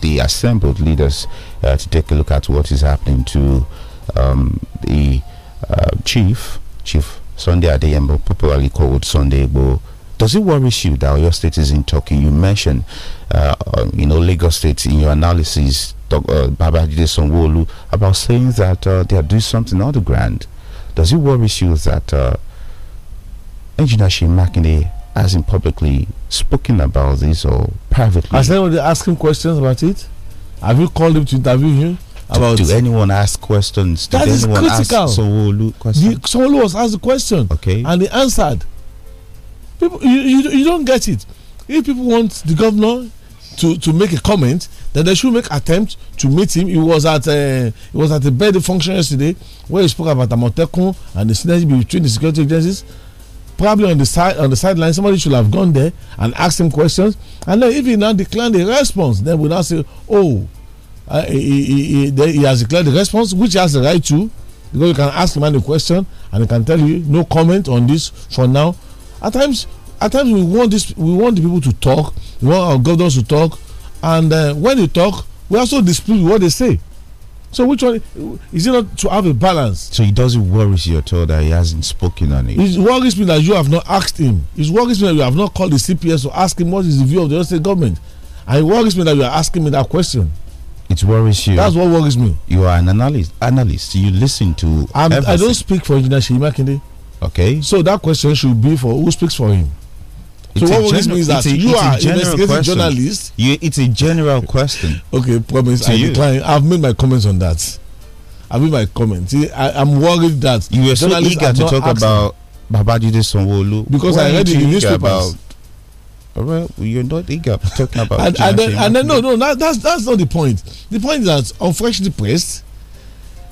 the assembled leaders uh, to take a look at what is happening to um, the uh, chief, Chief Sunday Adeyembo, popularly called Sunday Bo. Does it worry you that your state is in talking? You mentioned, uh, um, you know, Lagos State in your analysis, uh, Babajide Sonwolu, about saying that uh, they are doing something on the ground. Does it worry you that uh, Engineer Shimakinde hasn't publicly spoken about this or privately. Has anyone asked him questions about it? Have you called him to interview him? About do, do anyone ask questions? Did that is critical. Sowolu questions? was asked a question. Okay. And he answered. People, you, you, you don't get it. If people want the governor to to make a comment, then they should make attempt to meet him. He was at a, uh, he was at a birthday function yesterday where he spoke about Amotekun and the synergy between the security agencies probably on the side on the sideline, somebody should have gone there and asked him questions. And then if he now declined the response, then we now say, oh, uh, he, he, he, he, has declared the response, which he has the right to, because you can ask him any question and he can tell you no comment on this for now. At times, at times we want this, we want the people to talk, we want our governors to talk, and uh, when they talk, we also dispute what they say. So which one is it not to have a balance? So it doesn't worry you at all that he hasn't spoken on it. It worries me that you have not asked him. It worries me that you have not called the CPS to ask him what is the view of the state government. And it worries me that you are asking me that question. It worries you. That's what worries me. You are an analyst. Analyst. You listen to. i I do not speak for Engineer Shimakinde. Okay. So that question should be for who speaks for him. So it's what this means that a, you are investigative journalist? You, it's a general question. okay, promise. To I you. decline. I've made my comments on that. I've made my comments. See, I, am worried that you were so eager to talk about Babajide sanwo because Why I read in the newspapers. About well, you're not eager talking about. and, and, then, and then, no, no, that, that's that's not the point. The point is that on Fresh Depressed,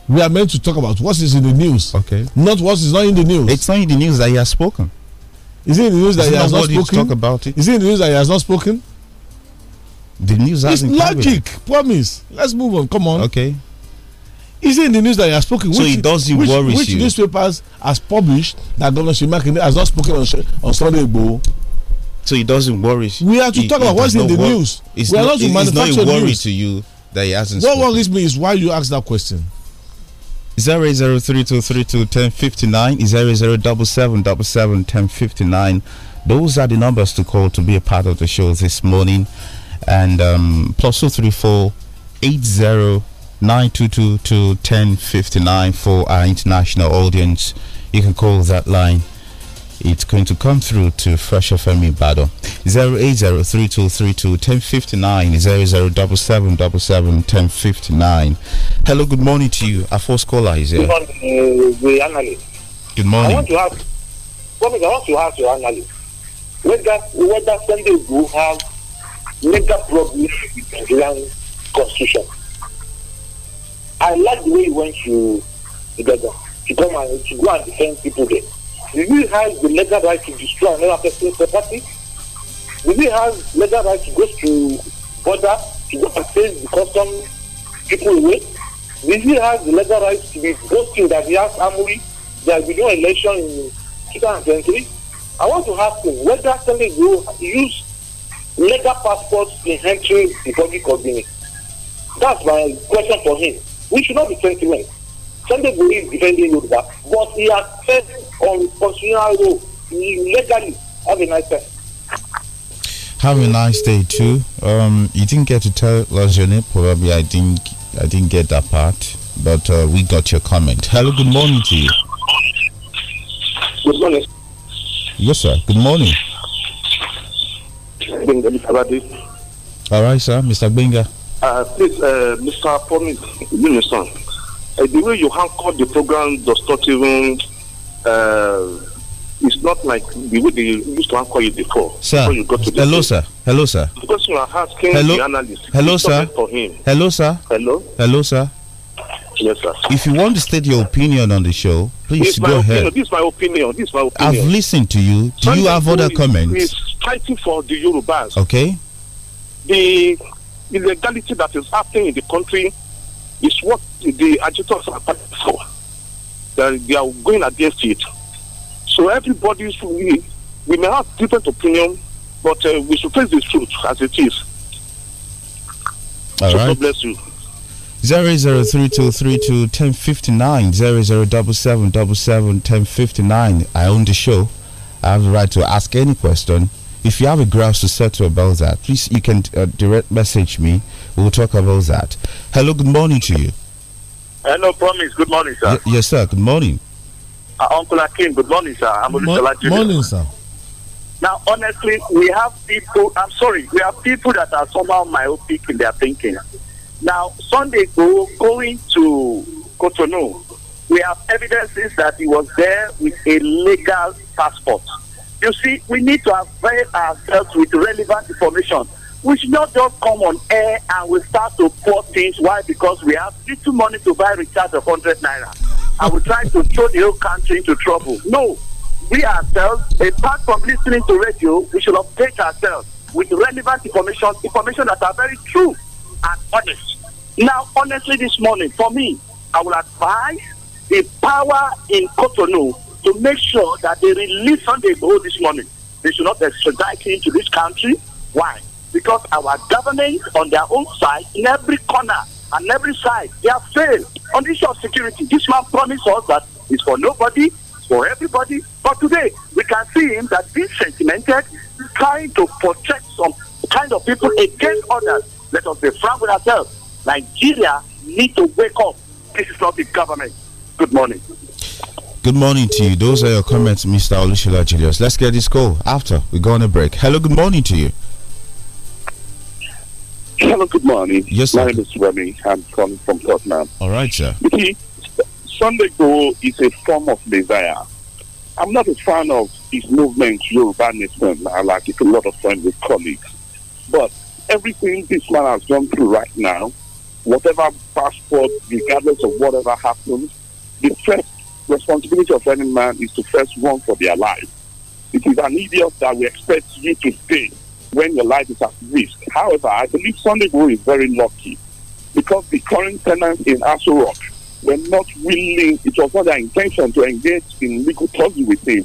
we are meant to talk about what is in the news. Okay. Not what is not in the news. It's not in the news that he has spoken. Is it in the news that he has not spoken? Talk about it. Is it in the news that he has not spoken? The news It's logic. Promise. Let's move on. Come on. Okay. Is it in the news that he has spoken? So which, it doesn't which, worry which you. Which newspapers has published that Governor Shimakinde has not spoken on, on Sunday bro? So it doesn't worry you. We have to it, talk it about what's in the news. It's we are not, not to manufacture It's not a worry news. to you that he hasn't. What spoken. worries me is why you ask that question zero zero three two three two ten fifty nine zero zero double seven double seven ten fifty nine. Those are the numbers to call to be a part of the show this morning. And um, plus two three four eight zero nine two two two ten fifty nine for our international audience. You can call that line it's going to come through to Fresh FM Ibadan. 08032321059, Hello, good morning to you. first caller is here. Good morning, uh, Good morning. I want to ask, Professor, I want to ask your analyst whether, whether Sunday will have mega problems with the Nigerian constitution. I like the way he went to Ibadan to come and to go and defend people there we have the legal right to destroy another person's property? we have legal right to go to border to go and face the customs people away? we have the legal right to be boasting that we have armory? There will be no election in 2023. I want to ask you whether will use legal passports in entering the country of Benin. That's my question for him. We should not be sentiment. Sunday Gori is defending Yoruba, but he has said on constitutional rule legally. Have a nice day. Have a nice day too. Um, you didn't get to tell us your name. Probably I didn't. I didn't get that part, but uh, we got your comment. Hello, good morning to you. Good morning. Yes, sir. Good morning. All right, sir, Mr. Binger. Uh, please, uh, Mr. Promise, Minister uh, the way you anchor the program does not even. Uh, it's not like the way they used to anchor you before. Sir, you got to hello, sir. Hello, sir. Because you are asking hello? the analyst. Hello, sir. For him. Hello, sir. Hello. Hello, sir. Yes, sir. If you want to state your opinion on the show, please go ahead. This is my opinion. This is my opinion. I've listened to you. Do Something you have other comments? He's fighting for the Yorubas. Okay. The illegality that is happening in the country it's what the agitators are fighting for. That they are going against it. So everybody, we, we may have different opinion, but uh, we should face the truth as it is. All so right. God bless you. 003221059 I own the show. I have the right to ask any question. If you have a grouse to settle about that, please you can uh, direct message me We'll talk about that. Hello, good morning to you. Hello, Promise. Good morning, sir. Y yes, sir. Good morning. Uh, Uncle Akin, good morning, sir. I'm Mo Morning, sir. Now, honestly, we have people, I'm sorry, we have people that are somehow myopic in their thinking. Now, Sunday go, going to Cotonou, we have evidences that he was there with a legal passport. You see, we need to avail ourselves with relevant information we should not just come on air and we start to pour things. Why? Because we have little money to buy recharge of 100 naira. and we try to throw the whole country into trouble. No, we ourselves, apart from listening to radio, we should update ourselves with relevant information, information that are very true and honest. Now, honestly, this morning, for me, I will advise the power in Cotonou to make sure that they release Sunday Igboho this morning. They should not extradite him to this country. Why? because our government on their own side, in every corner and every side, they have failed on the issue of security. This man promised us that it's for nobody, it's for everybody. But today, we can see him that this sentimented, trying to protect some kind of people against others. Let us be frank with ourselves. Nigeria need to wake up. This is not the government. Good morning. Good morning to you. Those are your comments, Mr. Olushila Julius. Let's get this call after we go on a break. Hello, good morning to you. Hello, good morning. Yes, My name is Remy. I'm calling from Tottenham. All right, sir. You see, Sunday goal is a form of desire. I'm not a fan of his movement, Yoruba Nation. I like it a lot of friends with colleagues. But everything this man has gone through right now, whatever passport, regardless of whatever happens, the first responsibility of any man is to first run for their life. It is an idiot that we expect you to stay when your life is at risk. However, I believe Sunday Go is very lucky because the current tenants in Aso Rock were not willing, it was not their intention to engage in legal talks with him.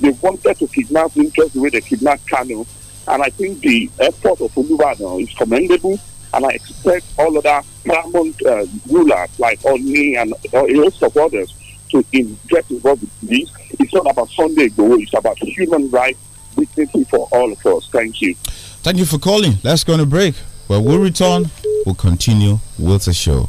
They wanted to kidnap him just the way they kidnapped Kano. And I think the effort of Olubadan is commendable. And I expect all other paramount uh, rulers like Oni and uh, a host of others to in, get involved with this. It's not about Sunday Go, it's about human rights dignity for all of us. Thank you. Thank you for calling. Let's go on a break. When we we'll return, we'll continue with the show.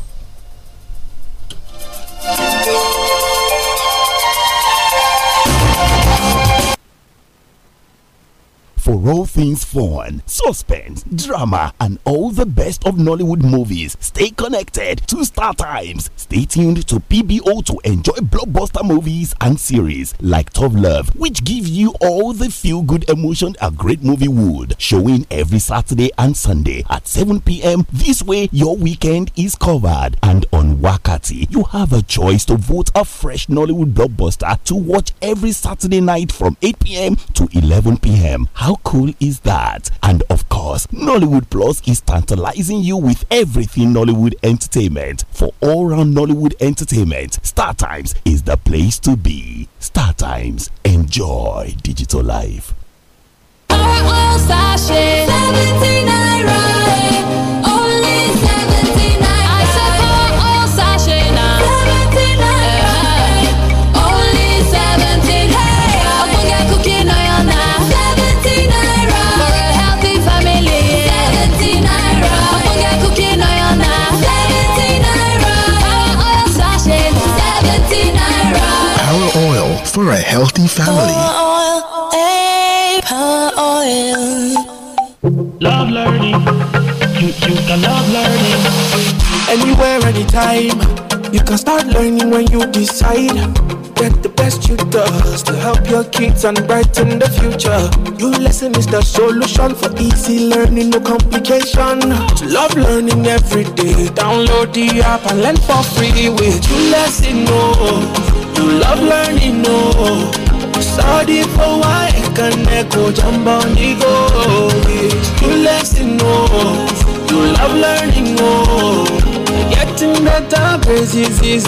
for all things fun, suspense, drama, and all the best of Nollywood movies. Stay connected to Star Times. Stay tuned to PBO to enjoy blockbuster movies and series like Tough Love, which give you all the feel good emotion a great movie would. Showing every Saturday and Sunday at 7 p.m. This way, your weekend is covered. And on work party, you have a choice to vote a fresh Nollywood blockbuster to watch every Saturday night from 8 p.m. to 11 p.m. How cool is that? And of course, Nollywood Plus is tantalizing you with everything Nollywood entertainment. For all round Nollywood entertainment, Star Times is the place to be. Star Times, enjoy digital life. for a healthy family. Oil, oil, love learning. You, you can love learning. Anywhere, anytime. You can start learning when you decide. Get the best you does to help your kids and brighten the future. You lesson is the solution for easy learning, no complication. To love learning every day. Download the app and learn for free with your lesson. No, you love learning. No, study for why I can echo the go. You lesson. Oh, you love learning. Oh. Getting better is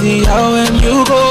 when you go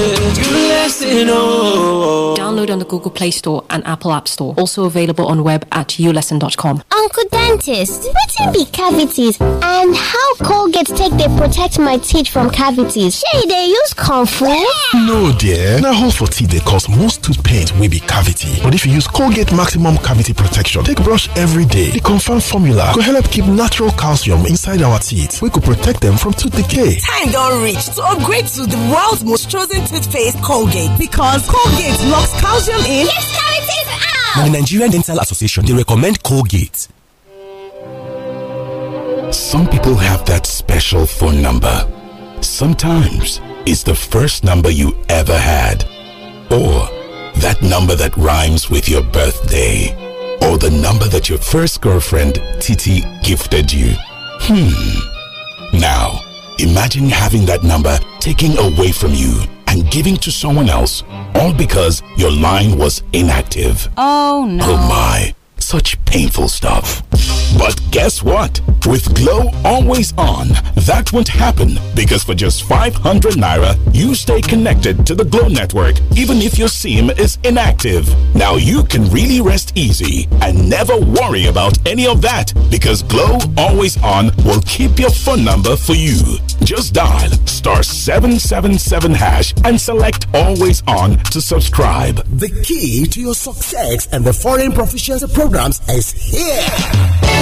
You oh Download on the Google Play Store and Apple App Store Also available on web at ulesson.com Uncle Dentist, what be cavities? And how Colgate take they protect my teeth from cavities? Say they use comfort? No dear, now hold for teeth they cause most tooth pain will be cavity But if you use Colgate Maximum Cavity Protection Take brush every day The confirmed formula could help keep natural calcium inside our teeth We could protect protect them from tooth decay. Time don't reach to upgrade to the world's most chosen toothpaste, Colgate. Because Colgate locks calcium in. Yes, cavities out! the Nigerian Dental Association, they recommend Colgate. Some people have that special phone number. Sometimes it's the first number you ever had. Or that number that rhymes with your birthday. Or the number that your first girlfriend, Titi, gifted you. Hmm. Now, imagine having that number taken away from you and giving to someone else, all because your line was inactive. Oh no. Oh my, such painful stuff. But guess what? With Glow Always On, that won't happen because for just 500 Naira, you stay connected to the Glow network even if your SIM is inactive. Now you can really rest easy and never worry about any of that because Glow Always On will keep your phone number for you. Just dial star 777 hash and select Always On to subscribe. The key to your success and the foreign proficiency programs is here.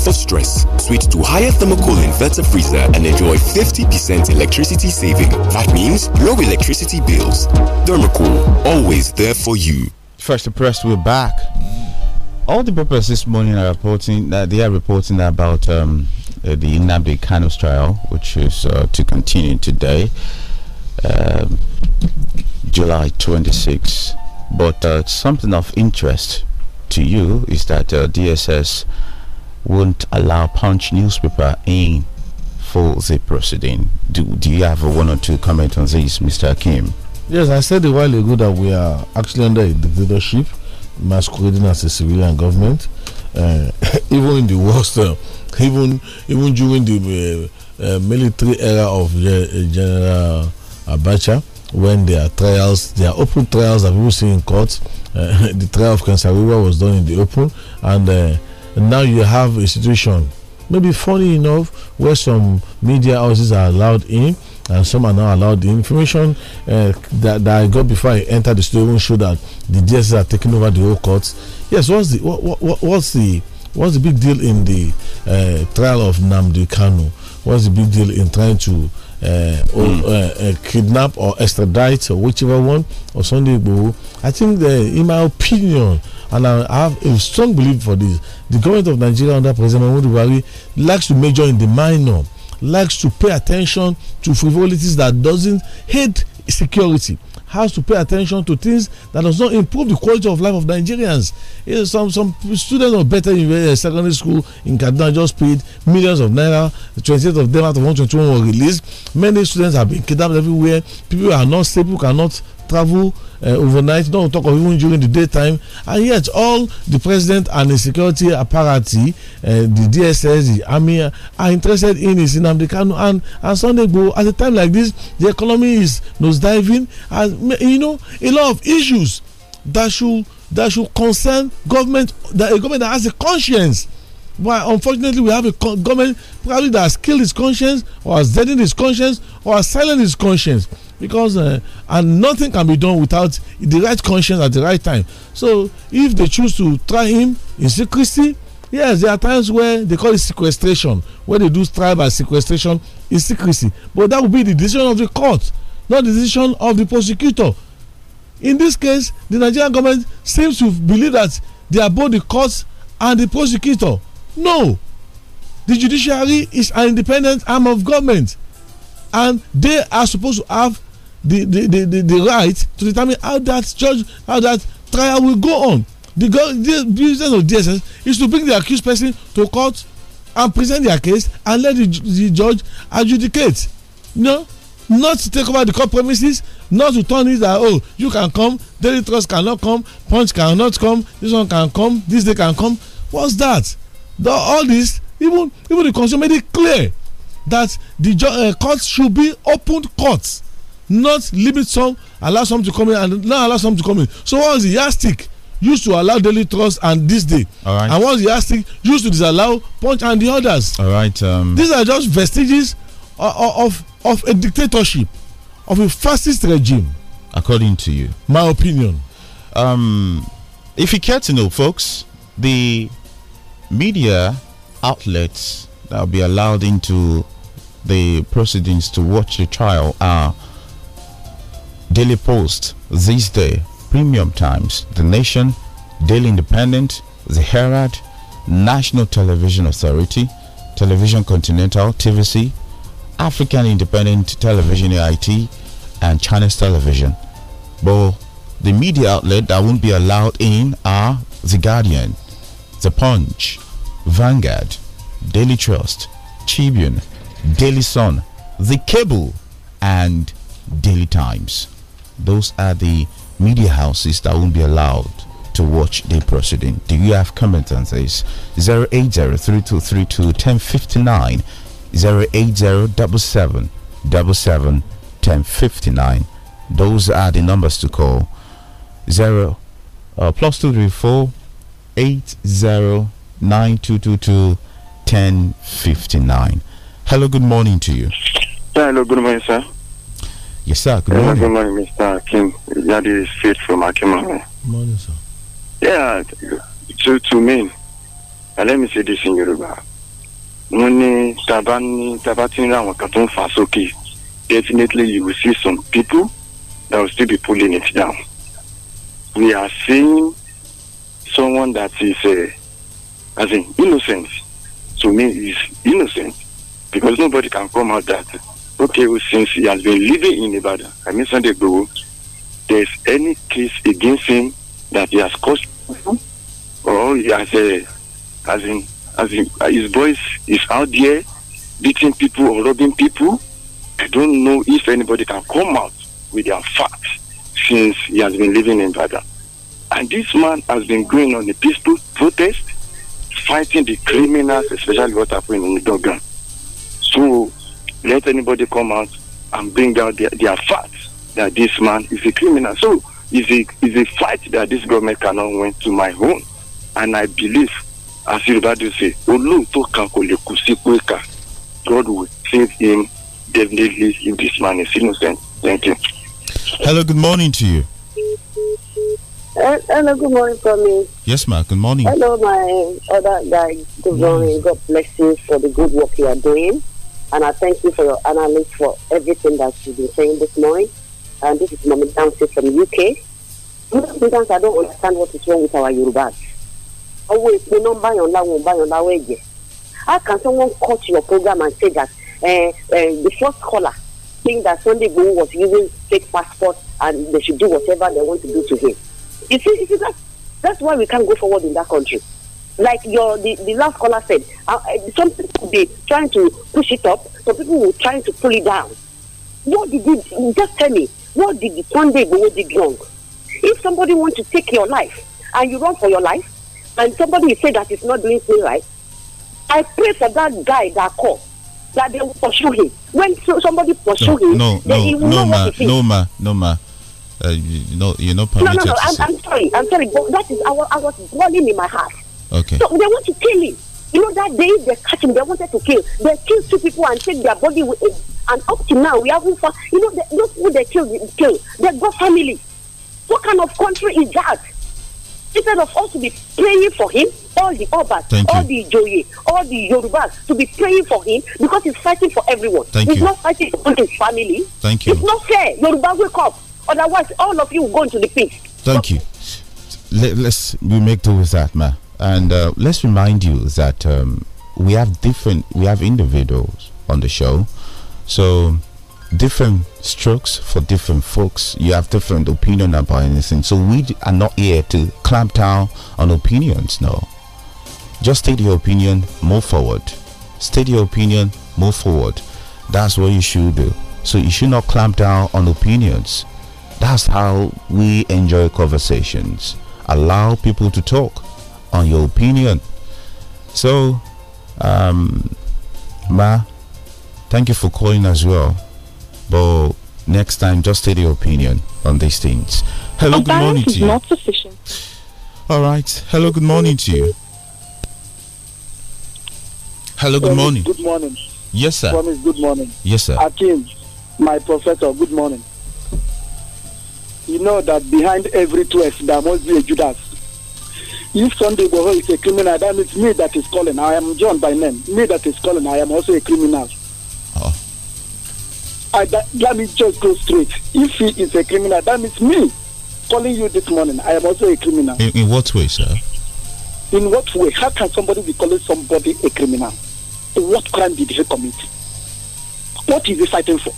for stress. Switch to higher thermocool inverter freezer and enjoy 50% electricity saving. That means low electricity bills. Thermocool, always there for you. Fresh the press, we're back. All the papers this morning are reporting that they are reporting about um, uh, the Nnamdi Kano's trial, which is uh, to continue today, um, July 26. But uh, something of interest to you is that uh, DSS won't allow Punch newspaper in for the proceeding. Do, do you have a one or two comment on this, Mr. Kim? Yes, I said a while ago that we are actually under a dictatorship masquerading as a civilian government. Uh, even in the worst, uh, even even during the uh, uh military era of uh, General Abacha, when there are trials, there are open trials that people see in court. Uh, the trial of Kansawiwa was done in the open, and and now you have a situation, maybe funny enough, where some media houses are allowed in and some are now allowed. The information uh, that, that, I got before I entered the studio showed that the justices are taking over the whole court. Yes, what's the what, what, what's the what's the big deal in the uh, trial of Namdi Kanu? What's the big deal in trying to mm. kidnap or extradite or whichever one or Sunday Igbo, I think in my opinion, and I have a strong belief for this, the government of Nigeria under President Mahmoud Buhari likes to major in the minor, likes to pay attention to frivolities that doesn't hate security has to pay attention to things that does not improve the quality of life of Nigerians. You eh, know, some some students of better in eh, secondary school in Kaduna just paid millions of naira. Twenty-eight of them out of one twenty-one were released. Many students have been kidnapped everywhere. People are not stable. cannot travel uh, overnight, don't talk of even during the daytime, and yet all the president and the security apparatus, uh, the DSS, the army, uh, are interested in is in Amdekano and, and Sunday Go. At a time like this, the economy is nosediving, and you know, a lot of issues that should that should concern government, that a government that has a conscience. Why, unfortunately, we have a government probably that has killed his conscience, or has deadened his conscience, or has silenced his conscience because uh, and nothing can be done without the right conscience at the right time so if they choose to try him in secrecy yes there are times where they call it sequestration where they do try by sequestration in secrecy but that would be the decision of the court not the decision of the prosecutor in this case the nigerian government seems to believe that they are both the court and the prosecutor no the judiciary is an independent arm of government and they are supposed to have the, the, the, the, right to determine how that judge, how that trial will go on. The, the business of DSS is to bring the accused person to court and present their case and let the, the judge adjudicate. no, not to take over the court premises, not to turn it that, oh, you can come, daily trust cannot come, punch cannot come, this one can come, this day can come. What's that? The, all this, even, even the consumer made it clear that the uh, court should be open courts not limit some allow some to come in and now allow some to come in so once the yardstick used to allow daily trust and this day and once the yardstick used to disallow punch and the others all right um. these are just vestiges of, of of a dictatorship of a fascist regime according to you my opinion um, if you care to know folks the media outlets that will be allowed into the proceedings to watch the trial are Daily Post, This Day, Premium Times, The Nation, Daily Independent, The Herald, National Television Authority, Television Continental, TVC, African Independent Television, AIT, and Chinese Television. But the media outlets that won't be allowed in are The Guardian, The Punch, Vanguard, Daily Trust, Tribune, Daily Sun, The Cable, and Daily Times those are the media houses that won't be allowed to watch the proceeding. Do you have comments on this? 080-3232-1059, 080-77-77-1059. Those are the numbers to call. 0 uh, plus 234 1059. Hello, good morning to you. Hello, good morning, sir. Yes, sir. Good morning. good morning, Mr. Akim. That is straight from Akimami. Morning, sir. Yeah, to, to me, I let me say this in Yoruba. mo ní taba ní taba tí ń ra kan tó ń fà sókè definitely you will see some people that will still be pulling it down we are seeing someone that is uh, as in innocent to me is innocent because nobody can come out that Okay, since he has been living in Ibadan, I mean Sunday Igboho, there is any case against him that he has caused mm-hmm. or he has, uh, as in, as in, uh, his voice is out there beating people or robbing people. I don't know if anybody can come out with their facts since he has been living in Ibadan. And this man has been going on a peaceful protest, fighting the criminals, especially what happened in Dogan. So let anybody come out and bring out their, their facts that this man is a criminal. So it's a, it's a fight that this government cannot win to my own. And I believe, as everybody say, God will save him definitely if this man is innocent. Thank you. Hello, good morning to you. hello, good morning for me. Yes, ma'am, good morning. Hello, my other guy. Good morning. God bless you for the good work you are doing. And I thank you for your analysis for everything that you've been saying this morning. And this is Mama Dancy from UK. Sometimes I don't understand what is wrong with our Yoruba. Always, you know, buy on that one, buy on that way. How can someone cut your program and say that uh, uh, the first caller think that Sunday Igboho was using fake passport and they should do whatever they want to do to him? You see, you see that, that's why we can't go forward in that country like your the, the last caller said, uh, some people will be trying to push it up, some people will try to pull it down. What did you just tell me? What did the Sunday Igboho did wrong? If somebody wants to take your life and you run for your life, and somebody say that it's not doing things right, I pray for that guy that called that they will pursue him. When so, somebody pursue no, him, no, no, no, ma, no, ma, no, ma. Uh, you know, you're not permitted. No, no, no. I'm, I'm, sorry. I'm sorry. But that is I was, I was boiling in my heart. Okay. So they want to kill him. You know, that day they catch him, they wanted to kill. They killed two people and take their body with him. And up to now, we haven't found, you know, they, those they killed, they killed, they got family. What kind of country is that? Instead of us to be praying for him, all the Obas, all the Joye, all the Yorubas to be praying for him because he's fighting for everyone. Thank he's you. not fighting for his family. Thank you. It's not fair. Yoruba, wake up. Otherwise, all of you will go into the pit. Thank so, you. Let, us we make do with that, ma. And uh, let's remind you that um, we have different, we have individuals on the show. So different strokes for different folks. You have different opinion about anything. So we are not here to clamp down on opinions. No, just state your opinion, move forward. State your opinion, move forward. That's what you should do. So you should not clamp down on opinions. That's how we enjoy conversations. Allow people to talk on your opinion. So, um, Ma, thank you for calling as well. But next time, just state your opinion on these things. Hello, good morning to you. Not sufficient. All right. Hello, good morning to you. Hello, good morning. Good morning. Yes, sir. Promise, good morning. Yes, sir. Akin, my professor, good morning. You know that behind every twist, there must be a Judas if Sunday Igboho is a criminal, that means me that is calling. I am John by name. Me that is calling. I am also a criminal. Oh. I, that, let me just go straight. If he is a criminal, that means me calling you this morning. I am also a criminal. In, in what way, sir? In what way? How can somebody be calling somebody a criminal? What crime did he commit? What is he fighting for?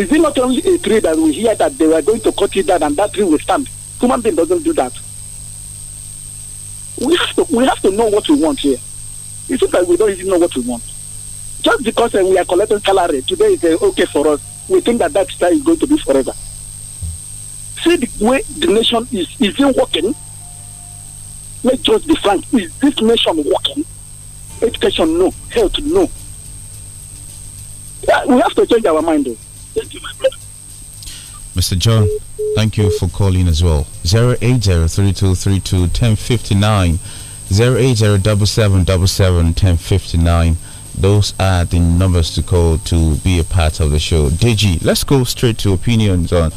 Is it not only a tree that we hear that they were going to cut it down and that tree will stand? Human being doesn't do that we have to we have to know what we want here. It seems like we don't even know what we want. Just because uh, we are collecting salary today is uh, okay for us, we think that that style is going to be forever. See the way the nation is is not working? Let's just be frank. Is this nation working? Education no, health no. Yeah, we have to change our mind. Though. Thank you, my brother. Mr. John, thank you for calling as well. 08032321059, 08077771059. Those are the numbers to call to be a part of the show. Deji, let's go straight to opinions on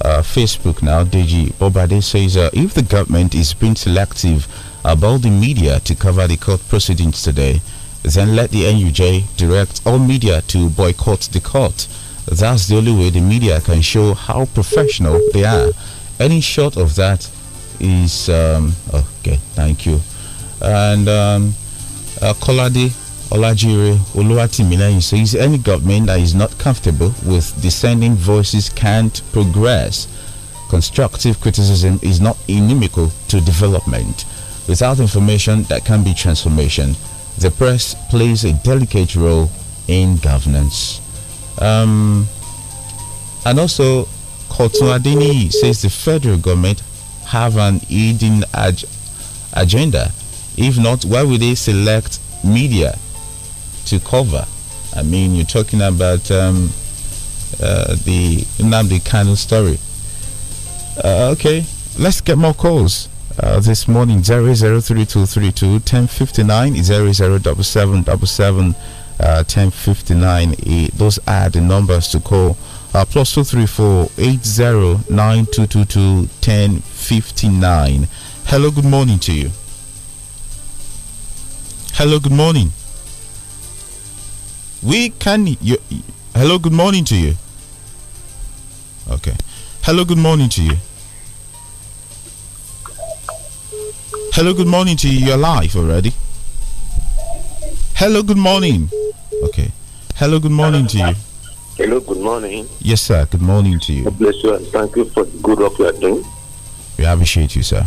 uh, Facebook now. Deji Bobade says uh, if the government is being selective about the media to cover the court proceedings today, then let the NUJ direct all media to boycott the court. That's the only way the media can show how professional they are. Any short of that is um, okay. Thank you. And um, uh, Kolade Olajire Oluwatimileyin says any government that is not comfortable with dissenting voices can't progress. Constructive criticism is not inimical to development. Without information, that can be transformation. The press plays a delicate role in governance. Um, and also, Kotun Adini says the federal government have an hidden ag agenda. If not, why would they select media to cover? I mean, you're talking about um, uh, the Nnamdi Kanu story. Uh, okay, let's get more calls. Uh, this morning 003232 1059 007777 uh, Those are the numbers to call. Uh, plus 234 1059. Hello, good morning to you. Hello, good morning. We can. You, hello, good morning to you. Okay. Hello, good morning to you. Hello, good morning to you. You're live already. Hello, good morning. Okay. Hello, good morning to you. Hello, good morning. Yes, sir. Good morning to you. God bless you and thank you for the good work you are doing. We appreciate you, sir.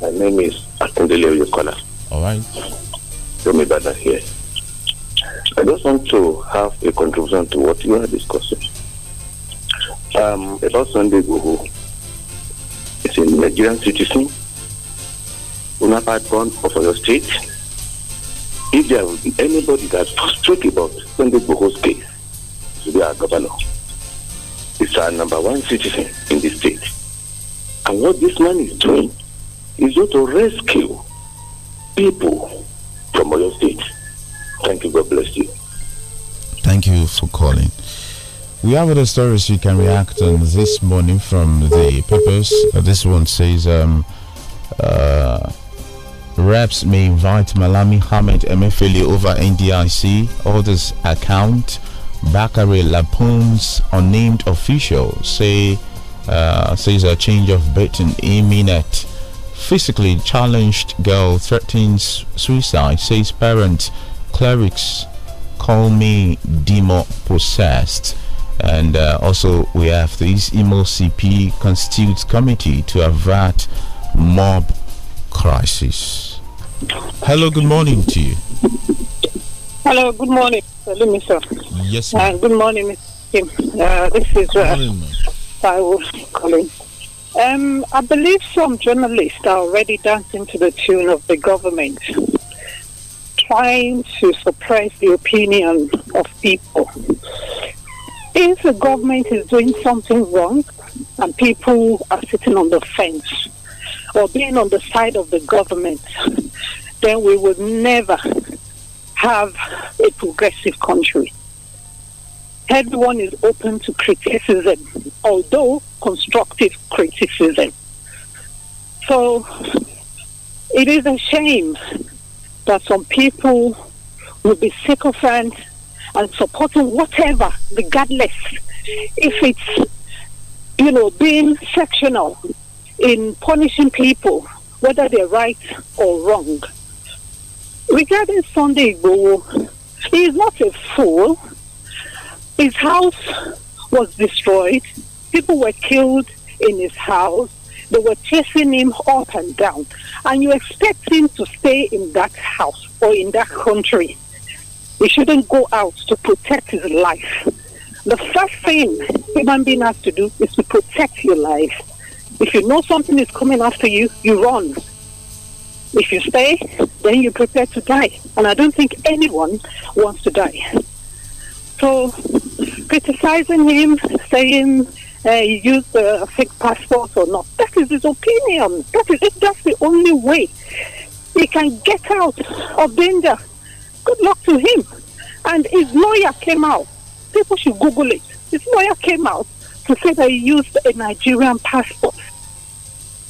My name is Akundele Yekola. All right. From Ibadan here. I just want to have a contribution to what you are discussing. Um, about Sunday Goho, it's a Nigerian citizen who never born of your state if there will be anybody that's frustrated about Sunday Boho's case, it will be our governor. He's our number one citizen in the state. And what this man is doing is not to rescue people from other State. Thank you. God bless you. Thank you for calling. We have other stories you can react on this morning from the papers. Uh, this one says, um, uh, Reps may invite Malami Hamed Emefele over NDIC, others account. Bakare Lapoon's unnamed official say uh, says a change of betting imminent. Physically challenged girl threatens suicide, says parent. Clerics call me demo possessed. And uh, also, we have this Imo CP constitutes committee to avert mob crisis. Hello, good morning to you. Hello, good morning, sir. Yes, uh, good morning, Mr. Kim. Uh, this is uh, I was calling. Um, I believe some journalists are already dancing to the tune of the government, trying to suppress the opinion of people. If the government is doing something wrong and people are sitting on the fence, or being on the side of the government, then we would never have a progressive country. Everyone is open to criticism, although constructive criticism. So it is a shame that some people will be sycophant and supporting whatever, regardless if it's, you know, being sectional, in punishing people, whether they're right or wrong. Regarding Sunday Igbo, he is not a fool. His house was destroyed. People were killed in his house. They were chasing him up and down. And you expect him to stay in that house or in that country. He shouldn't go out to protect his life. The first thing human being has to do is to protect your life if you know something is coming after you, you run. If you stay, then you prepare to die. And I don't think anyone wants to die. So criticizing him, saying uh, he used a fake passport or not, that is his opinion. That is That's the only way he can get out of danger. Good luck to him. And his lawyer came out. People should Google it. His lawyer came out to say that he used a Nigerian passport.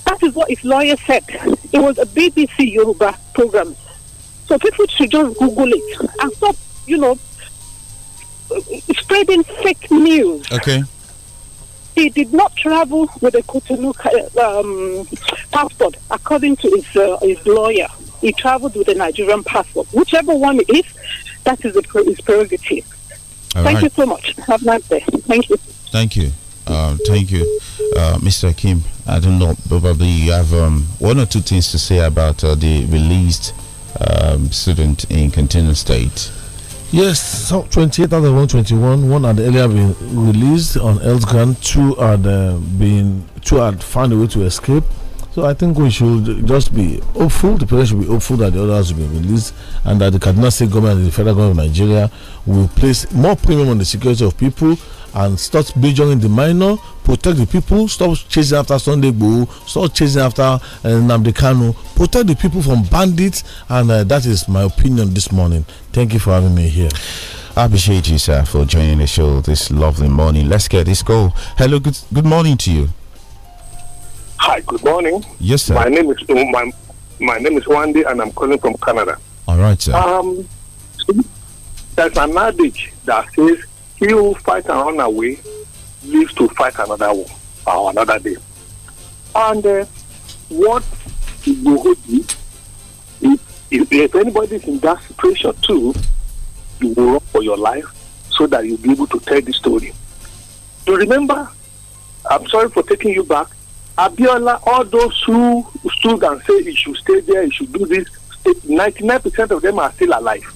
That is what his lawyer said. It was a BBC Yoruba program. So people should just Google it and stop, you know, spreading fake news. Okay. He did not travel with a Kotonou uh, um, passport, according to his, uh, his lawyer. He traveled with a Nigerian passport. Whichever one it is, that is his prerogative. All Thank right. you so much. Have a nice day. Thank you. Thank you. Uh, thank you, uh, Mr. Kim. I don't know. Probably you have um, one or two things to say about uh, the released um, student in Container State. Yes, so 28,121. One had earlier been released on health grant. Two had uh, been two had found a way to escape. So I think we should just be hopeful. The parents should be hopeful that the others will be released and that the Kaduna State government and the federal government of Nigeria will place more premium on the security of people and start majoring the minor, protect the people, stop chasing after Sunday Igboho, stop chasing after uh, eh, Namdi Kanu, protect the people from bandits, and uh, that is my opinion this morning. Thank you for having me here. I appreciate you, sir, for joining the show this lovely morning. Let's get this go. Hello, good good morning to you. Hi, good morning. Yes, sir. My name is um, my, my name is Wandy, and I'm calling from Canada. All right, sir. Um, there's an adage that says he who fights and run away lives to fight another war or another day. And uh, what Igboho did, if, if, anybody anybody's in that situation too, you will run for your life so that you'll be able to tell the story. You remember, I'm sorry for taking you back, Abiola, all those who stood and said you should stay there, you should do this, 99% of them are still alive.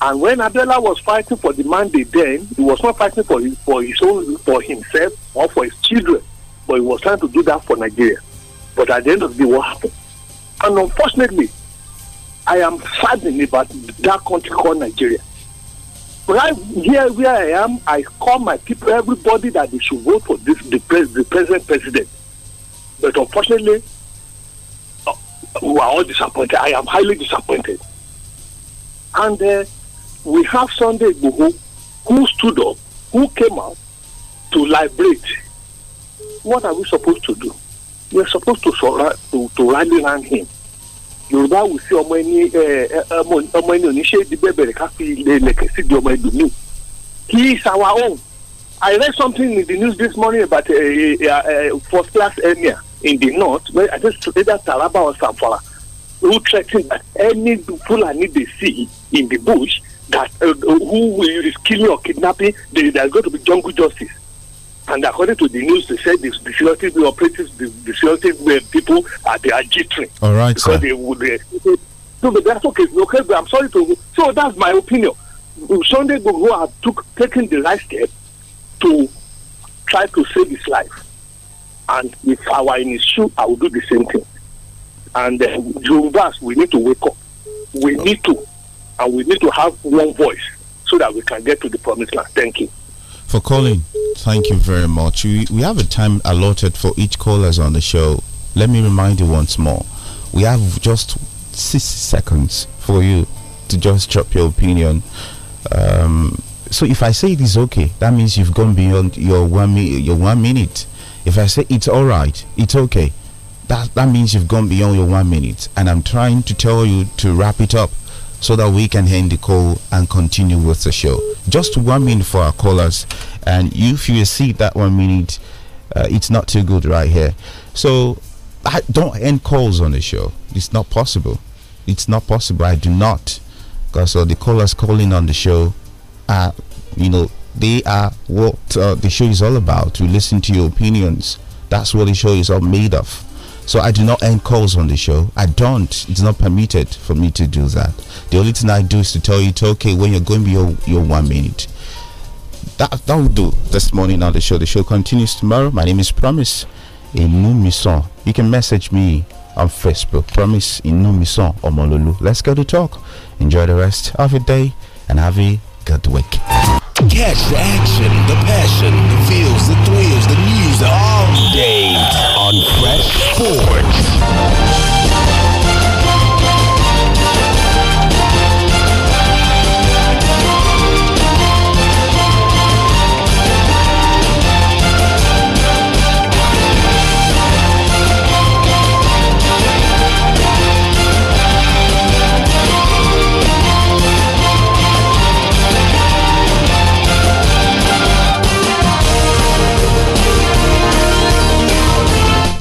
And when Abdullah was fighting for the mandate then, he was not fighting for his, for his own, for himself or for his children, but he was trying to do that for Nigeria. But at the end of the day, what happened? And unfortunately, I am saddened about that country called Nigeria. Right here where I am, I call my people, everybody that they should vote for this the, pres, the present president. But unfortunately, uh, we are all disappointed. I am highly disappointed. And uh, we have Sunday Igboho who stood up, who came out to liberate. What are we supposed to do? We are supposed to to, to rally around him. Yorùbá wù sí ọmọ ẹni ọmọ ẹni òní ṣé ìdíbẹ̀ bẹ̀rẹ̀ ká fi lẹ̀lẹ̀kẹ̀ sí di ọmọ He is our own. I read something in the news this morning about a, a, a first class emir in the north, where I think that Taraba or Samfara, who threatened that any Fulani they see in the bush that uh, who is killing or kidnapping, there, there's going to be jungle justice. And according to the news, they said the, the security operatives, the, the security uh, people, are they are jittering. All right, sir. they, that's okay. Okay, but I'm sorry to. So that's my opinion. Sunday Gogo had took taken the right step to try to save his life, and if I were in his shoe, I would do the same thing. And uh, Yorubas, we need to wake up. We need to and we need to have one voice so that we can get to the promised land. Thank you. For calling, thank you very much. We, we have a time allotted for each callers on the show. Let me remind you once more. We have just 60 seconds for you to just drop your opinion. Um, so if I say it is okay, that means you've gone beyond your one your one minute. If I say it's all right, it's okay, that that means you've gone beyond your one minute. And I'm trying to tell you to wrap it up so that we can end the call and continue with the show. Just one minute for our callers, and if you see that one minute, uh, it's not too good right here. So I don't end calls on the show. It's not possible. It's not possible. I do not, because all uh, the callers calling on the show are, you know, they are what uh, the show is all about. We listen to your opinions. That's what the show is all made of. So I do not end calls on the show. I don't. It's not permitted for me to do that. The only thing I do is to tell you, it's okay when you're going beyond your one minute. That that will do this morning on the show. The show continues tomorrow. My name is Promise Inumison. You can message me on Facebook. Promise Inumison Omololu. Let's go to talk. Enjoy the rest of your day and have a good week. Catch the action, the passion, the feels, the thrills, the news all day on Fresh Sports.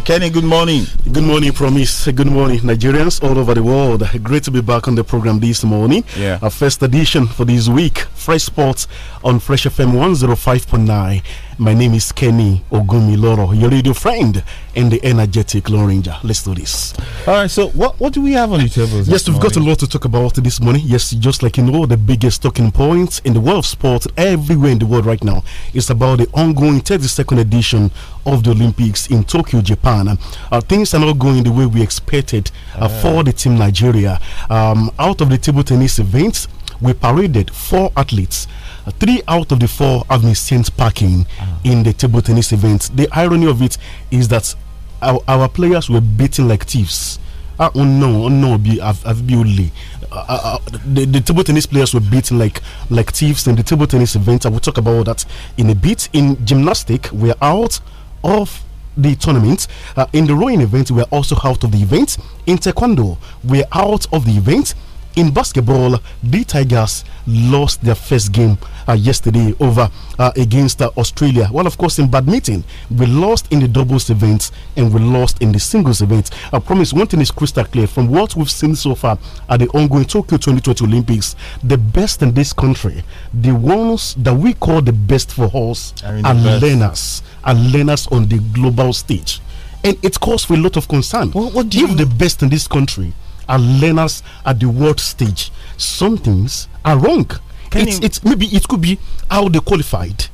Kenny, good morning. Good morning, Promise. Good morning, Nigerians all over the world. Great to be back on the program this morning. Yeah. Our first edition for this week, Fresh Sports on Fresh FM 105.9. My name is Kenny Ogumiloro, your radio friend and the energetic Lone Ranger. Let's do this. All right, so what, what do we have on the table? Yes, we've got a lot to talk about this morning. Yes, just like you know, the biggest talking point in the world of sport everywhere in the world right now is about the ongoing 32nd edition of the Olympics in Tokyo, Japan. Uh, things are not going the way we expected uh. for the team Nigeria. Um, out of the table tennis events, we paraded four athletes three out of the four have been sent packing ah. in the table tennis event. The irony of it is that our, our players were beaten like thieves. Uh, oh no, oh no, be, I've, I've been only. Uh, uh, the, the, table tennis players were beaten like like thieves in the table tennis event. I will talk about that in a bit. In gymnastic, we're out of the tournament. Uh, in the rowing event, we're also out of the event. In taekwondo, we're out of the event. In basketball, the Tigers lost their first game uh, yesterday over uh, against uh, Australia. Well, of course, in badminton, we lost in the doubles event and we lost in the singles event. I promise one thing is crystal clear from what we've seen so far at the ongoing Tokyo 2020 Olympics, the best in this country, the ones that we call the best for us, are learners, are learners on the global stage. And it calls for a lot of concern. What, what do you... If the best in this country are learners at the world stage. Some things are wrong. Can it's, it's maybe it could be how they qualified.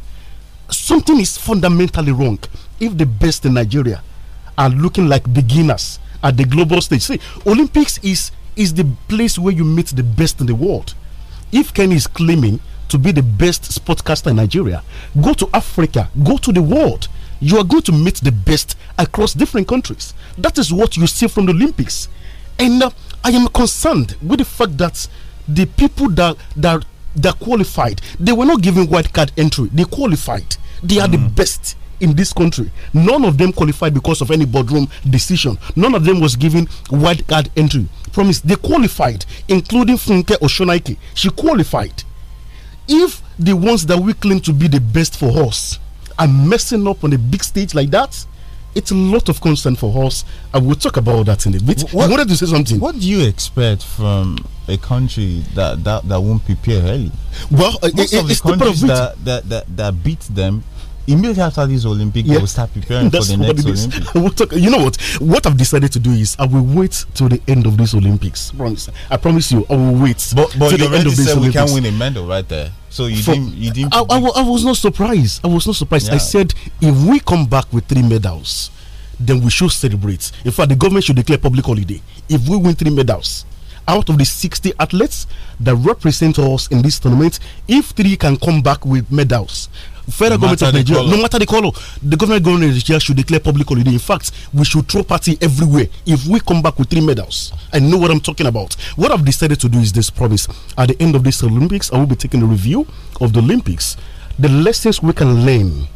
Something is fundamentally wrong if the best in Nigeria are looking like beginners at the global stage. See, Olympics is is the place where you meet the best in the world. If Kenny is claiming to be the best sportcaster in Nigeria, go to Africa, go to the world. You are going to meet the best across different countries. That is what you see from the Olympics. And uh, I am concerned with the fact that the people that that that qualified, they were not given white card entry. They qualified. They are mm. the best in this country. None of them qualified because of any boardroom decision. None of them was given white card entry. Promise they qualified, including Funke Oshonaike. She qualified. If the ones that we claim to be the best for us are messing up on a big stage like that, it's a lot of concern for us. I will talk about that in a bit. What, I wanted to say something. What do you expect from a country that that, that won't prepare early? Well, most it, uh, of uh, the countries the that, that, that, that beat them immediately after this Olympic, yeah. will start preparing That's for the next Olympics. I will talk, you know what? What I've decided to do is I will wait till the end of this Olympics. Promise. I promise you, I will wait. But, but till you the end of this said Olympics. we can win a medal right there. So you for, didn't. You didn't I, I, I, was not surprised. I was not surprised. Yeah. I said if we come back with three medals, then we should celebrate. In fact, the government should declare public holiday if we win three medals. Out of the 60 athletes that represent us in this tournament, if three can come back with medals, federal no government of Nigeria, no matter the color, the government government of Nigeria should declare public holiday. In fact, we should throw party everywhere. If we come back with three medals, I know what I'm talking about. What I've decided to do is this promise. At the end of this Olympics, I will be taking a review of the Olympics. The lessons we can learn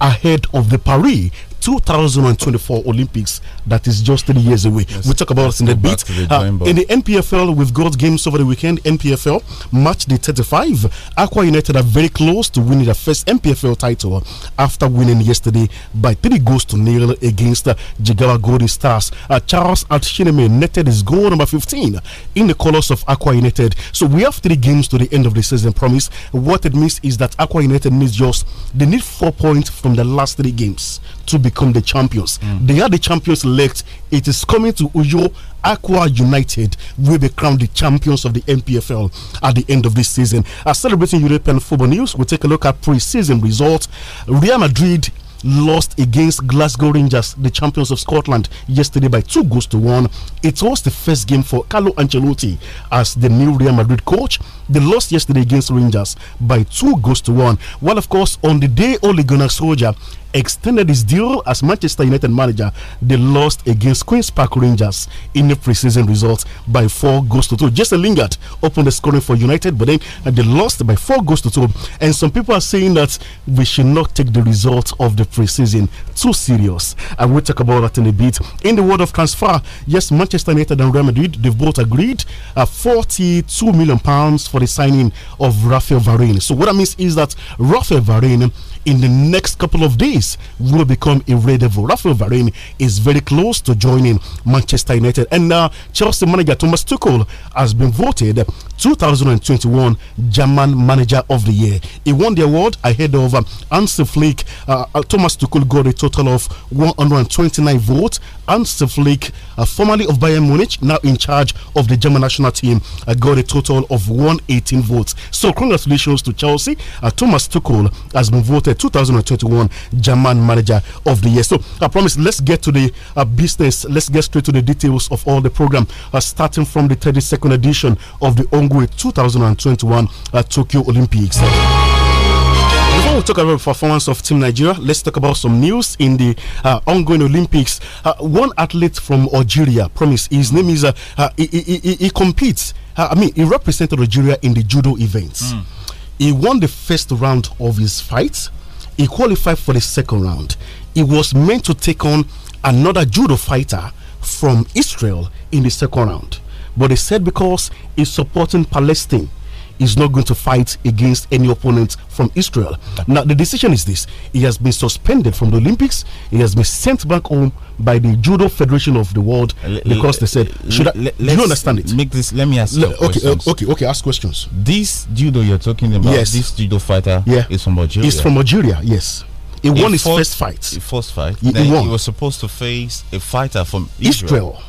ahead of the Paris 2024 Olympics that is just three years away. Yes. we talk about us it in a bit. The uh, in the NPFL, we've got games over the weekend. NPFL, match the 35. Aqua United are very close to winning their first NPFL title after winning yesterday by three goals to nil against uh, Jigawa Golden Stars. Uh, Charles Atshineme netted his goal number 15 in the colours of Aqua United. So we have three games to the end of the season, promise. What it means is that Aqua United needs just, they need four points from the last three games to become the champions. Mm. They are the champions elect. It is coming to Uyo. Aqua United will be crowned the champions of the MPFL at the end of this season. As celebrating European football news, we'll take a look at pre-season results. Real Madrid lost against Glasgow Rangers, the champions of Scotland, yesterday by two goals to one. It was the first game for Carlo Ancelotti as the new Real Madrid coach. They lost yesterday against Rangers by two goals to one. Well, of course, on the day Ole Gunnar Soldier extended his deal as Manchester United manager. They lost against Queen's Park Rangers in the preseason results by four goals to two. Jesse Lingard opened the scoring for United, but then uh, they lost by four goals to two. And some people are saying that we should not take the result of the preseason too serious. I will talk about that in a bit. In the world of transfer, yes, Manchester United and Real Madrid they've both agreed a uh, 42 million pounds for the signing of Rafael Varane. So what that means is that Rafael Varane in the next couple of days will become a Red Devil. Rafael Varane is very close to joining Manchester United. And uh, Chelsea manager Thomas Tuchel has been voted 2021 German Manager of the Year. He won the award ahead of um, Anse Flick. Uh, uh, Thomas Tuchel got a total of 129 votes. Anse Flick, uh, formerly of Bayern Munich, now in charge of the German national team, uh, got a total of 118 votes. So congratulations to Chelsea. Uh, Thomas Tuchel has been voted 2021 German Manager of the Year. So I promise, let's get to the uh, business. Let's get straight to the details of all the program, uh, starting from the 32nd edition of the On with 2021 uh, Tokyo Olympics. Before we talk about the performance of Team Nigeria, let's talk about some news in the uh, ongoing Olympics. Uh, one athlete from Algeria, promise his name is, uh, uh he, he, he, he, competes. Uh, I mean, he represented Algeria in the judo events. Mm. He won the first round of his fight. He qualified for the second round. He was meant to take on another judo fighter from Israel in the second round but they said because he's supporting Palestine, he's not going to fight against any opponent from Israel. Now, the decision is this he has been suspended from the Olympics, he has been sent back home by the Judo Federation of the World because they said, Should I, do you understand it? Make this, let me ask l okay, um, okay, okay, ask questions. This judo you're talking about, yes. this judo fighter yeah. is from Algeria. He's from Algeria, yes. He, he won fought, first fight. First fight. He, he won. He was supposed to face a fighter from Israel. Israel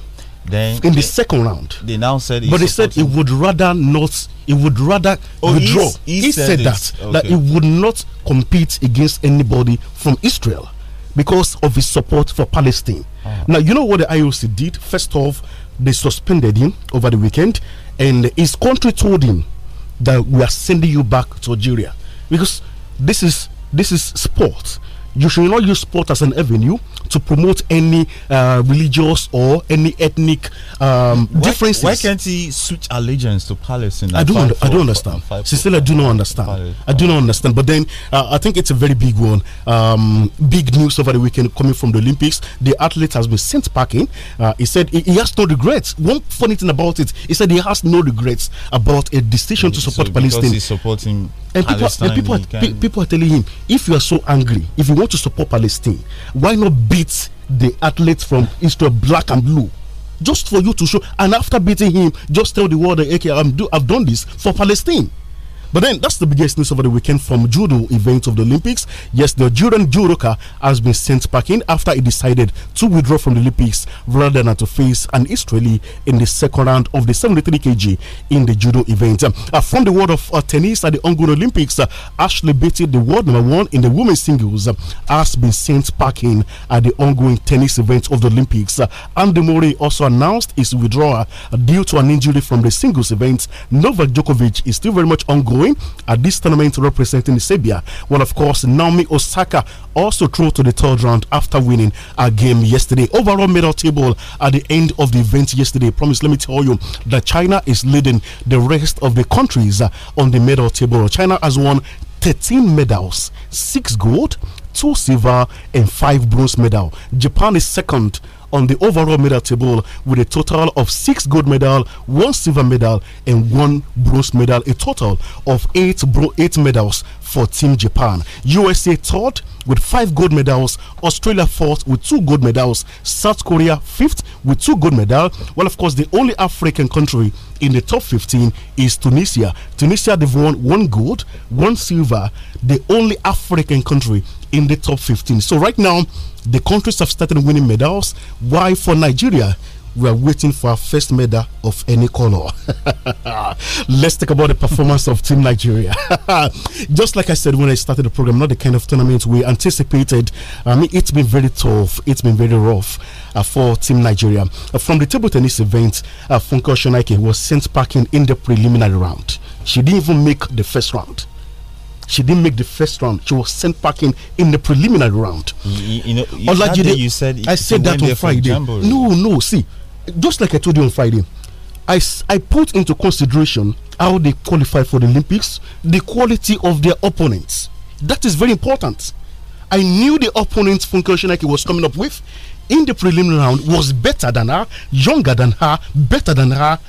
then in the second round, they now said, but they said he would rather not. He would rather oh, withdraw. He, he, he said, said that okay. that he would not compete against anybody from Israel because of his support for Palestine. Ah. Now you know what the IOC did. First off, they suspended him over the weekend, and his country told him that we are sending you back to Algeria because this is this is sport you should not use sport as an avenue to promote any uh, religious or any ethnic um, why, differences. Why can't he switch allegiance to Palestine? I don't. I don't understand. Cecilia, I do not understand. I do not understand. But then uh, I think it's a very big one. Um, big news over the weekend coming from the Olympics. The athlete has been sent packing. Uh, he said he, he, has no regrets. One funny thing about it, he said he has no regrets about a decision to support so Palestine. Because he's supporting and people, are, people, are, people are telling him, if you are so angry, if you want to support Palestine, why not beat the athletes from Israel black and blue? Just for you to show. And after beating him, just tell the world, okay, I'm do, I've done this for Palestine. But then that's the biggest news over the weekend from judo event of the Olympics. Yes, the Jordan judoka has been sent packing after he decided to withdraw from the Olympics rather than to face an Israeli in the second round of the 73 kg in the judo event. Uh, from the world of uh, tennis at the ongoing Olympics, uh, Ashley Beatty, the world number one in the women's singles, uh, has been sent packing at the ongoing tennis event of the Olympics. Uh, Andy Murray also announced his withdrawal due to an injury from the singles event. Novak Djokovic is still very much ongoing doing at this tournament representing Serbia. Well, of course, Naomi Osaka also through to the third round after winning a game yesterday. Overall medal table at the end of the event yesterday. promise, let me tell you that China is leading the rest of the countries uh, on the medal table. China has won 13 medals, 6 gold, 2 silver, and 5 bronze medal. Japan is second on the overall medal table with a total of six gold medal, one silver medal, and one bronze medal. A total of eight, bro eight medals for Team Japan. USA third with five gold medals, Australia fourth with two gold medals, South Korea fifth with two gold medals. Well, of course, the only African country in the top 15 is Tunisia. Tunisia, they've won one gold, one silver, the only African country in the top 15. So, right now, the countries have started winning medals. Why for Nigeria? we are waiting for our first medal of any color. Let's talk about the performance of Team Nigeria. Just like I said when I started the program, not the kind of tournament we anticipated. I mean, it's been very tough, it's been very rough uh, for Team Nigeria. Uh, from the table tennis event, uh, Funko Shonaike was sent packing in the preliminary round. She didn't even make the first round she didn't make the first round. She was sent packing in the preliminary round. You, you know, you, Olajide, you said I said that on Friday. No, no. See, just like I told you on Friday, I, I put into consideration how they qualify for the Olympics, the quality of their opponents. That is very important. I knew the opponent Funke Oshinaki was coming up with in the preliminary round was better than her, younger than her, better than her.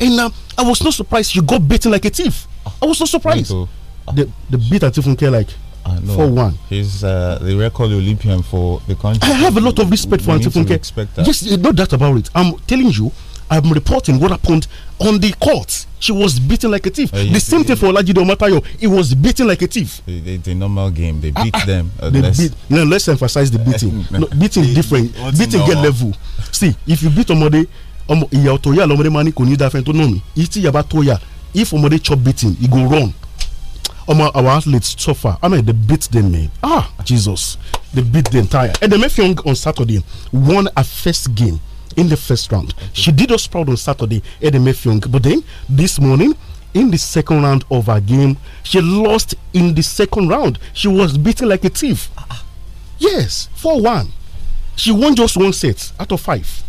And uh, I was not surprised she got beaten like a thief. I was not surprised. The, the beat at Funke like uh, no, for one. He's uh, the record Olympian for the country. I have a lot of respect we for Antifunke. Yes, no doubt about it. I'm telling you, I'm reporting what happened on the court. She was beaten like a thief. Uh, the same thing for Olajide Matayo. He was beaten like a thief. It's a normal game. They ah, beat uh, them. Uh, they less. Beat, no, let's emphasize the beating. no, beating different. Beating get level. See, if you beat somebody, ọmọ ìyàwó tó yà lọmọdé máa ní kò ní dáfẹ́ tó nà mí ìtì yàrá tó yà if ọmọdé chop beating e go run um, our athletes suffer. I mean, they beat them, man. Ah, Jesus. They beat the entire. And the Mephiong on Saturday won her first game in the first round. Okay. She did us proud on Saturday, Eddie Mephiong. But then this morning, in the second round of her game, she lost in the second round. She was beaten like a thief. Yes, 4 1. She won just one set out of five.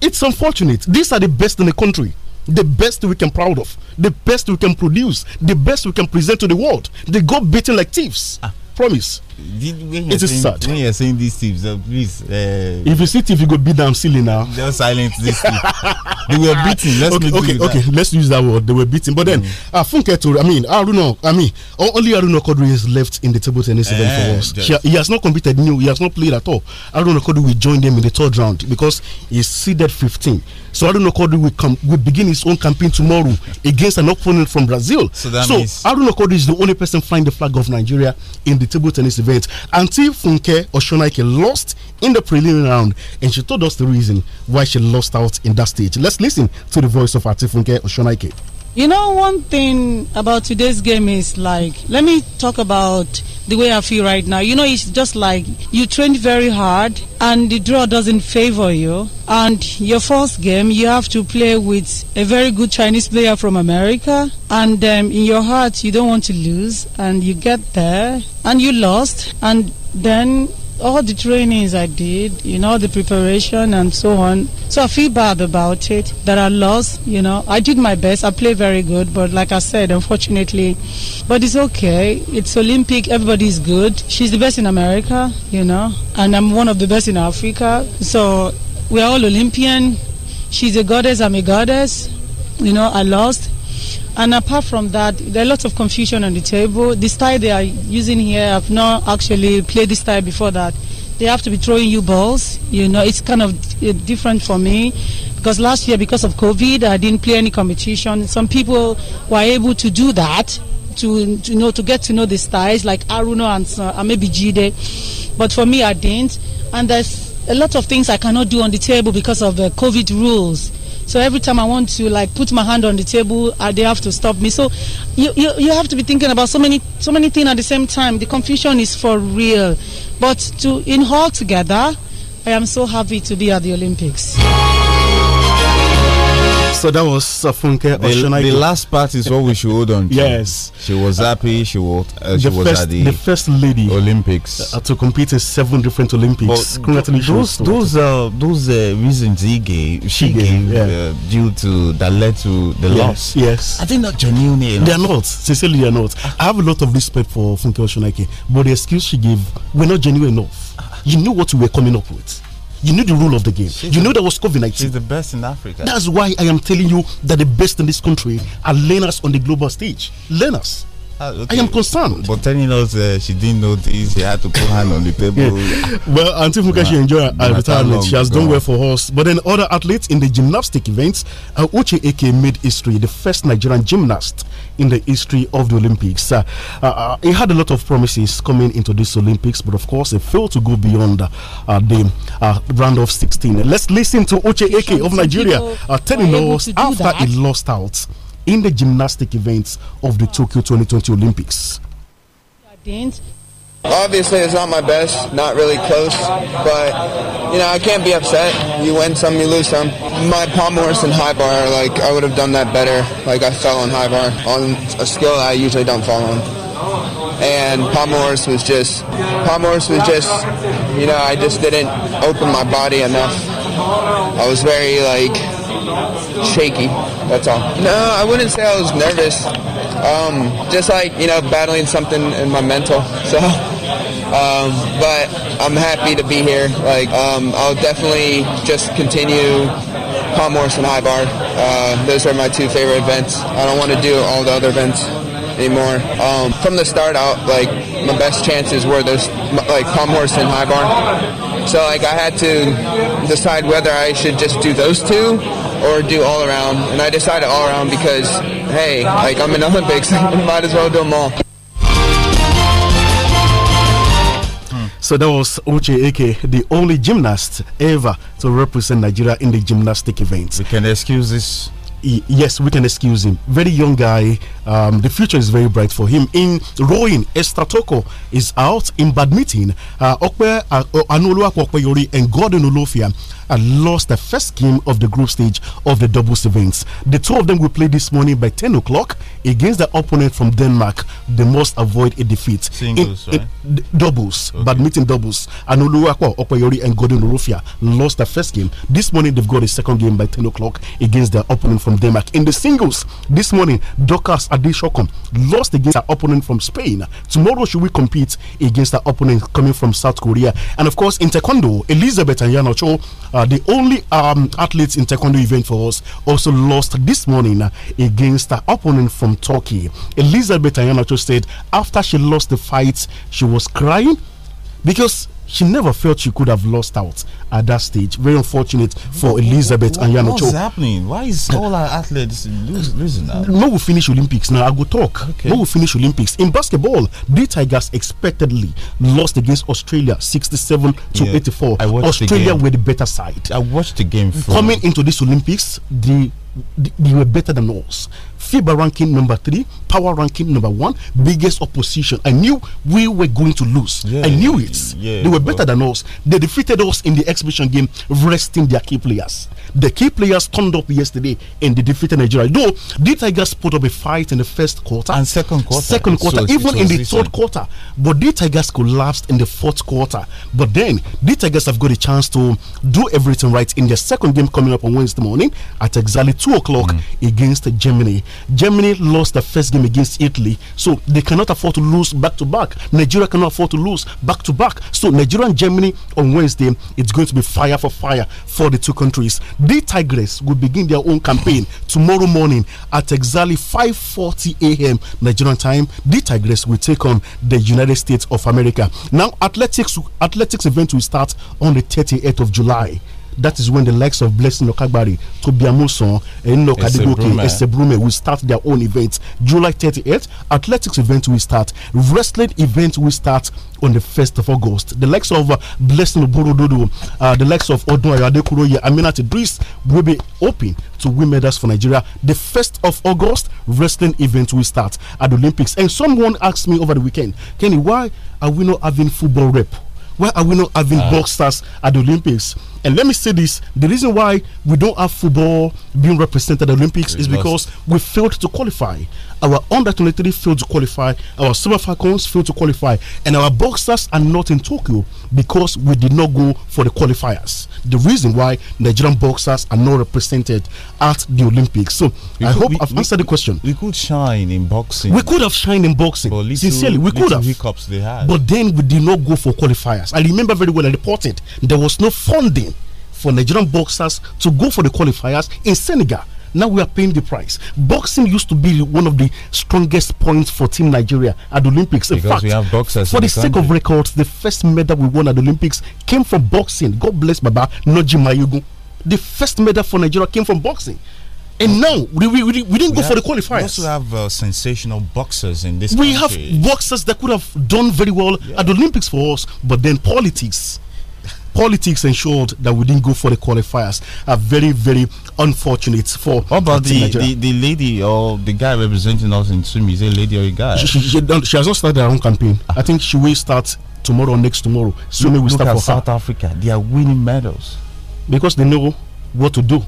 It's unfortunate. These are the best in the country the best we can proud of, the best we can produce, the best we can present to the world. They go beating like thieves. Ah. Promise when it is saying, sad when you are saying these tips uh, please uh, if you see tips you go beat them silly now are silent this they were beating let's okay okay, okay. let's use that word they were beating but then mm. uh, Funke Tore I mean know. I mean only Aruna Kodri is left in the table tennis uh, event for eh, us he, he has not competed new he has not played at all Aruna Kodri will join them in the third round because he's seeded 15 so Aruna Kodri will come will begin his own campaign tomorrow against an opponent from Brazil so, that so Aruna Kodri is the only person flying the flag of Nigeria in the table tennis event event. Auntie Funke Oshonaike lost in the preliminary round, and she told us the reason why she lost out in that stage. Let's listen to the voice of Auntie Funke Oshonaike. You know, one thing about today's game is like, let me talk about the way I feel right now. You know, it's just like you trained very hard and the draw doesn't favor you. And your first game, you have to play with a very good Chinese player from America. And um, in your heart, you don't want to lose. And you get there and you lost. And then all the trainings I did, you know, the preparation and so on. So I feel bad about it that I lost, you know. I did my best. I played very good, but like I said, unfortunately, but it's okay. It's Olympic. Everybody's good. She's the best in America, you know, and I'm one of the best in Africa. So we're all Olympian. She's a goddess. I'm a goddess. You know, I lost and apart from that, there are lots of confusion on the table. The style they are using here, I've not actually played this style before that. They have to be throwing you balls. You know, it's kind of uh, different for me because last year, because of COVID, I didn't play any competition. Some people were able to do that to, to know to get to know the styles like Aruno and uh, maybe Jide, but for me, I didn't. And there's a lot of things I cannot do on the table because of COVID rules. So every time I want to like put my hand on the table, uh, they have to stop me. So you, you, you have to be thinking about so many so many things at the same time. The confusion is for real. But to in all together, I am so happy to be at the Olympics. So that was Safunke the, the last part is what we should hold on to. yes. She was happy. She, walked, uh, she was first, at the, the first lady uh, Olympics uh, to compete in seven different Olympics. But Congratulations. Those, those, uh, those uh, reasons he gave, she, gave, yeah. Uh, due to that led to the yes, loss. Yes. I think not genuine. You They are not. Sincerely, they are not. I have a lot of respect for Funke Oshunaike, but the excuse she gave were not genuine enough. You knew what we were coming up with you know the rule of the game. She's you know there was COVID 19. She's the best in Africa. That's why I am telling you that the best in this country are learners on the global stage. Learners. Ah, okay. I am concerned. But telling us uh, she didn't know this, she had to put hand on the table. Well, until Fuka, she enjoyed her retirement. She has done well for us. But then other athletes in the gymnastic events, uh, Uche Eke made history, the first Nigerian gymnast in the history of the Olympics. Uh, uh, uh he had a lot of promises coming into this Olympics, but of course, he failed to go beyond uh, the uh, round of 16. Let's listen to Oche Eke of Nigeria uh, telling us after that. he lost out in the gymnastic events of the Tokyo 2020 Olympics? Obviously, it's not my best, not really close, but you know, I can't be upset. You win some, you lose some. My palm horse and high bar, like, I would have done that better. Like, I fell on high bar on a skill I usually don't fall on and Pomorus was just Pomorus was just you know I just didn't open my body enough. I was very like shaky. That's all. No, I wouldn't say I was nervous. Um, just like you know, battling something in my mental. So, um, but I'm happy to be here. Like, um, I'll definitely just continue Paul Morris and High Bar. Uh, those are my two favorite events. I don't want to do all the other events anymore. Um, from the start out, like my best chances were those, like Palm Horse and High bar. So like I had to decide whether I should just do those two or do all around. And I decided all around because, hey, like I'm in Olympics, might as well do them all. So that was Uche Eke, the only gymnast ever to represent Nigeria in the gymnastic events. We can excuse this yes, we can excuse him. Very young guy. Um, the future is very bright for him. In rowing, Estratoko is out in badminton. Uh, Okwe uh, and Gordon Olofia and lost the first game of the group stage of the doubles events. The two of them will play this morning by 10 o'clock against the opponent from Denmark. They must avoid a defeat. Singles, in, right? it, doubles, okay. badminton doubles. Anuluakwa, Okoyori, and Gordon Rufia lost the first game. This morning, they've got a second game by 10 o'clock against their opponent from Denmark. In the singles, this morning, Dokas Adishokom lost against their opponent from Spain. Tomorrow, should we compete against the opponent coming from South Korea? And of course, in Taekwondo, Elizabeth and Yanocho. Uh, uh, the only um, athletes in taekwondo event for us, also lost this morning uh, against her opponent from Turkey. Elizabeth Ayanacho said after she lost the fight, she was crying because she never felt she could have lost out at that stage. Very unfortunate for Elizabeth what, what, and Yanocho. What's happening? Why is all our athletes losing now? No, we finish Olympics now. I go talk. Okay. No, we finish Olympics. In basketball, the Tigers expectedly lost against Australia 67 to yeah, 84. Australia the were the better side. I watched the game. From Coming into this Olympics, the, they were better than us. FIBA ranking number three, power ranking number one, biggest opposition. I knew we were going to lose. Yeah, I knew it. Yeah, they were better than us. They defeated us in the exhibition game, resting their key players. The key players turned up yesterday and they defeated Nigeria. Though the Tigers put up a fight in the first quarter and second quarter, second quarter, so even in the recent. third quarter, but the Tigers collapsed in the fourth quarter. But then the Tigers have got a chance to do everything right in their second game coming up on Wednesday morning at exactly two o'clock mm. against Germany. Germany lost the first game against Italy, so they cannot afford to lose back to back. Nigeria cannot afford to lose back to back. So Nigeria and Germany on Wednesday, it's going to be fire for fire for the two countries. The Tigers will begin their own campaign tomorrow morning at exactly 5:40 a.m. Nigerian time. The Tigers will take on the United States of America. Now, athletics athletics event will start on the 38th of July that is when the likes of Blessing Okagbari, Tobiamuson, and Adigboke, Ese Brume will start their own events. July 38th, athletics event will start. Wrestling event will start on the 1st of August. The likes of uh, Blessing Oborododo, uh, the likes of Odunayo Adekuroye, Aminat Idris will be open to win medals for Nigeria. The 1st of August, wrestling event will start at the Olympics. And someone asked me over the weekend, Kenny, why are we not having football rep? Why are we not having uh. boxers at the Olympics? And let me say this the reason why we don't have football being represented at the Olympics we is because we failed to qualify. Our under 23 failed to qualify, our Super Falcons failed to qualify, and our boxers are not in Tokyo because we did not go for the qualifiers. The reason why Nigerian boxers are not represented at the Olympics. So we I hope we, I've answered the question. We could shine in boxing. We could have shined in boxing. Little, Sincerely, we could have. they had. But then we did not go for qualifiers. I remember very well I reported there was no funding for Nigerian boxers to go for the qualifiers in Senegal. Now we are paying the price. Boxing used to be one of the strongest points for Team Nigeria at the Olympics. In because fact, we have boxers. For the, sake of records, the first medal we won at the Olympics came from boxing. God bless Baba Noji Mayugu. The first medal for Nigeria came from boxing. And now we, we, we, didn't we go have, for the qualifiers. We also have uh, sensational boxers in this. We country. have boxers that could have done very well yeah. at the Olympics for us, but then politics politics ensured that we didn't go for the qualifiers. Are very, very unfortunate for. What about the, the, the, lady or the guy representing us in Sumi? Is a lady or a guy? She, she, she, she has not started her own campaign. I think she will start tomorrow next tomorrow. Sumi look, will start for South her. Africa. They are winning medals because they know what to do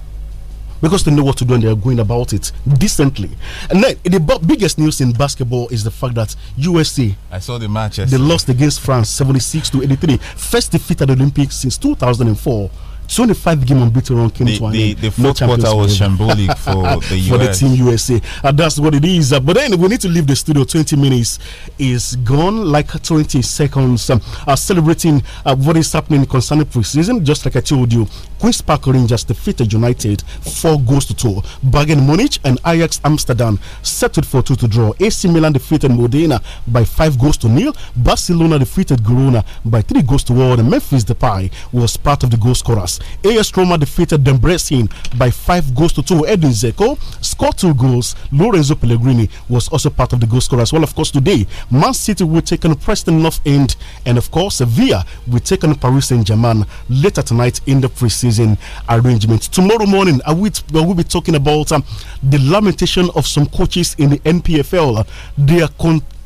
because they know what to do and they are going about it decently. And then the biggest news in basketball is the fact that USC. I saw the match. They lost against France 76 to 83, first defeat at the Olympics since 2004. So only five game unbeaten run came the, to an the, end. The fourth no quarter was shambolic for the US. for the team USA. And that's what it is. But then we need to leave the studio. 20 minutes is gone, like 20 seconds. Um, uh, celebrating uh, what is happening concerning preseason. Just like I told you, Queen's Park Rangers defeated United four goals to two. Bayern Munich and Ajax Amsterdam settled for two to draw. AC Milan defeated Modena by five goals to nil. Barcelona defeated Girona by three goals to one. And Memphis Depay was part of the goal scorers AS Roma defeated Dembrecen by five goals to two. Edin Zeko scored two goals. Lorenzo Pellegrini was also part of the goal scorer as well. Of course, today, Man City will take on Preston North End, and of course, Sevilla will take on Paris Saint Germain later tonight in the preseason arrangement. Tomorrow morning, I will, will be talking about um, the lamentation of some coaches in the NPFL. They are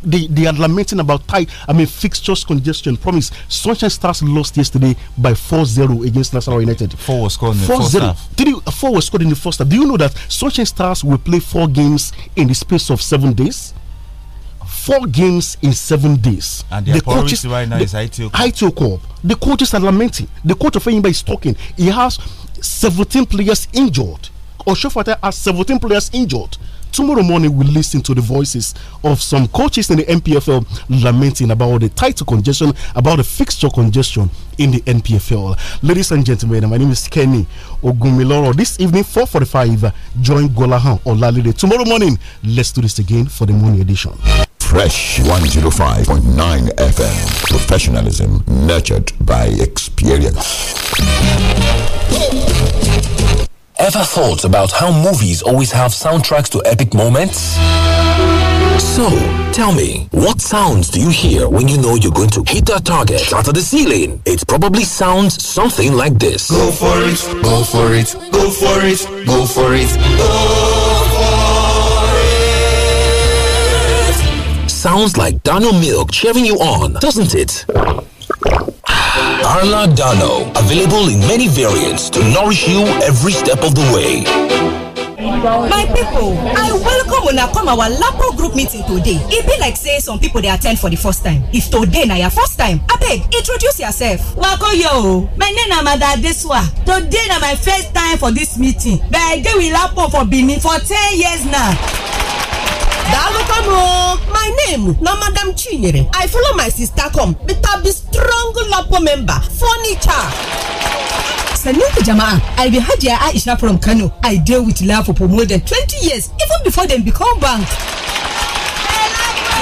they, they are lamenting about tight, I mean, fixtures congestion. Promise, Sunshine Stars lost yesterday by 4-0 against National United. Four was scored in the four first zero. half. Three, four was scored in the first half. Do you know that Sunshine Stars will play four games in the space of seven days? Four games in seven days. And the coaches right now the, is ITO Corp. ITO The coaches are lamenting. The coach of anybody is talking. He has 17 players injured. Oshofata has 17 players injured tomorrow morning we listen to the voices of some coaches in the NPFL lamenting about the title congestion, about the fixture congestion in the NPFL. Ladies and gentlemen, my name is Kenny Ogumiloro. This evening, 4:45, join Golahan Olalide. Tomorrow morning, let's do this again for the morning edition. Fresh 105.9 FM. Professionalism nurtured by experience. Ever thought about how movies always have soundtracks to epic moments? So, tell me, what sounds do you hear when you know you're going to hit that target out of the ceiling? It probably sounds something like this. Go for it, go for it, go for it, go for it, go for it. Sounds like Daniel Milk cheering you on, doesn't it? Arla Dano, available in many variants to nourish you every step of the way. my people, i welcome I come our lapo group meeting today It be like say some people they attend for the first time if today na your first time beg introduce yourself. Wako yo, my name is mada today na my first time for this meeting but i dey with lapo for benin for ten years now daalụkwanụ my name na madam chinyere i follow my sister come beta be strong Lapo member furniture sannan ku jama'a i be hajiya aisha from kano i deal with lapo for more than 20 years even before them become bank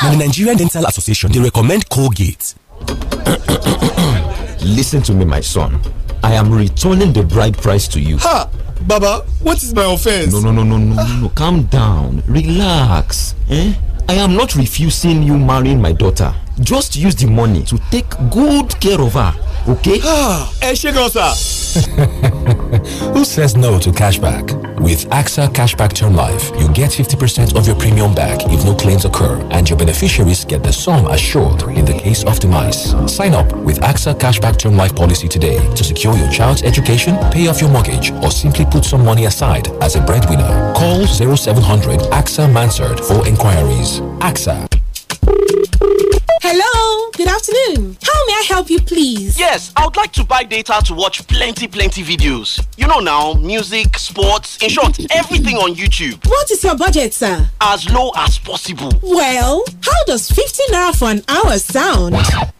now, the Nigerian Dental Association, they recommend Colgate. Listen to me, my son. I am returning the bride price to you. Ha! Baba, what is my offense? No, no, no, no, no, no, no. Calm down. Relax. Eh? I am not refusing you marrying my daughter. Just use the money to take good care of her okay? ẹ ṣe gan sa. Who says no to cashback? With AXA Cashback Term Life, you get 50% of your premium back if no claims occur, and your beneficiaries get the sum assured in the case of demise. Sign up with AXA Cashback Term Life policy today to secure your child's education, pay off your mortgage, or simply put some money aside as a breadwinner. Call 0700 AXA Mansard for inquiries. AXA. Hello, good afternoon. How may I help you, please? Yes, I would like to buy data to watch plenty, plenty videos. You know now, music, sports, in short, everything on YouTube. What is your budget, sir? As low as possible. Well, how does 15 naira for an hour sound?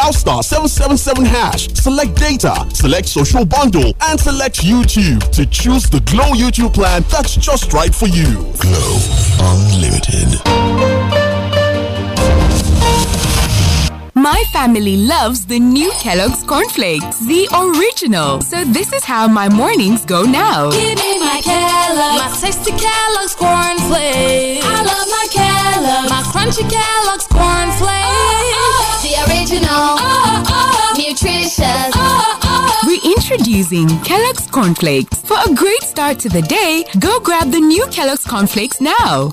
dial star 777 hash, select data, select social bundle, and select YouTube to choose the Glow YouTube plan that's just right for you. Glow Unlimited. My family loves the new Kellogg's cornflakes, the original. So this is how my mornings go now. Give me my Kellogg's, my tasty Kellogg's cornflakes. I love my Kellogg's, my crunchy Kellogg's cornflakes. Oh original. Oh, oh, nutritious. Oh, oh. Reintroducing Kellogg's Cornflakes. For a great start to the day, go grab the new Kellogg's Cornflakes now.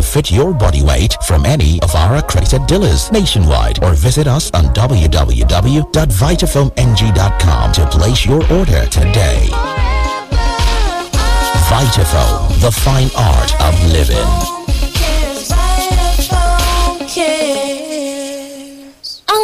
to fit your body weight from any of our accredited dealers nationwide or visit us on www.vitafilmng.com to place your order today. Vitafilm, the fine art of living.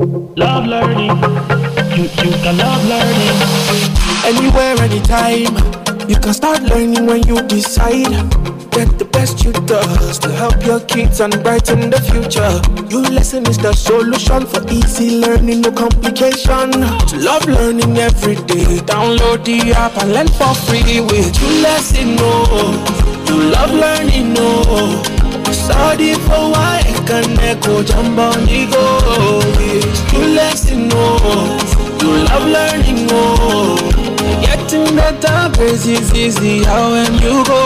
Love learning. You, you can love learning. Anywhere, anytime. You can start learning when you decide. Get the best you does to help your kids and brighten the future. You lesson is the solution for easy learning, no complication. To love learning every day. Download the app and learn for free with you lesson. No, oh. you love learning. No. Oh. Sorry for why I can echo lesson no love learning Getting better place is easy how when you go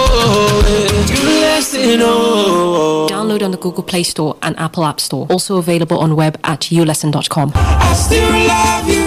lesson no Download on the Google Play Store and Apple App Store Also available on web at ulesson.com I still love you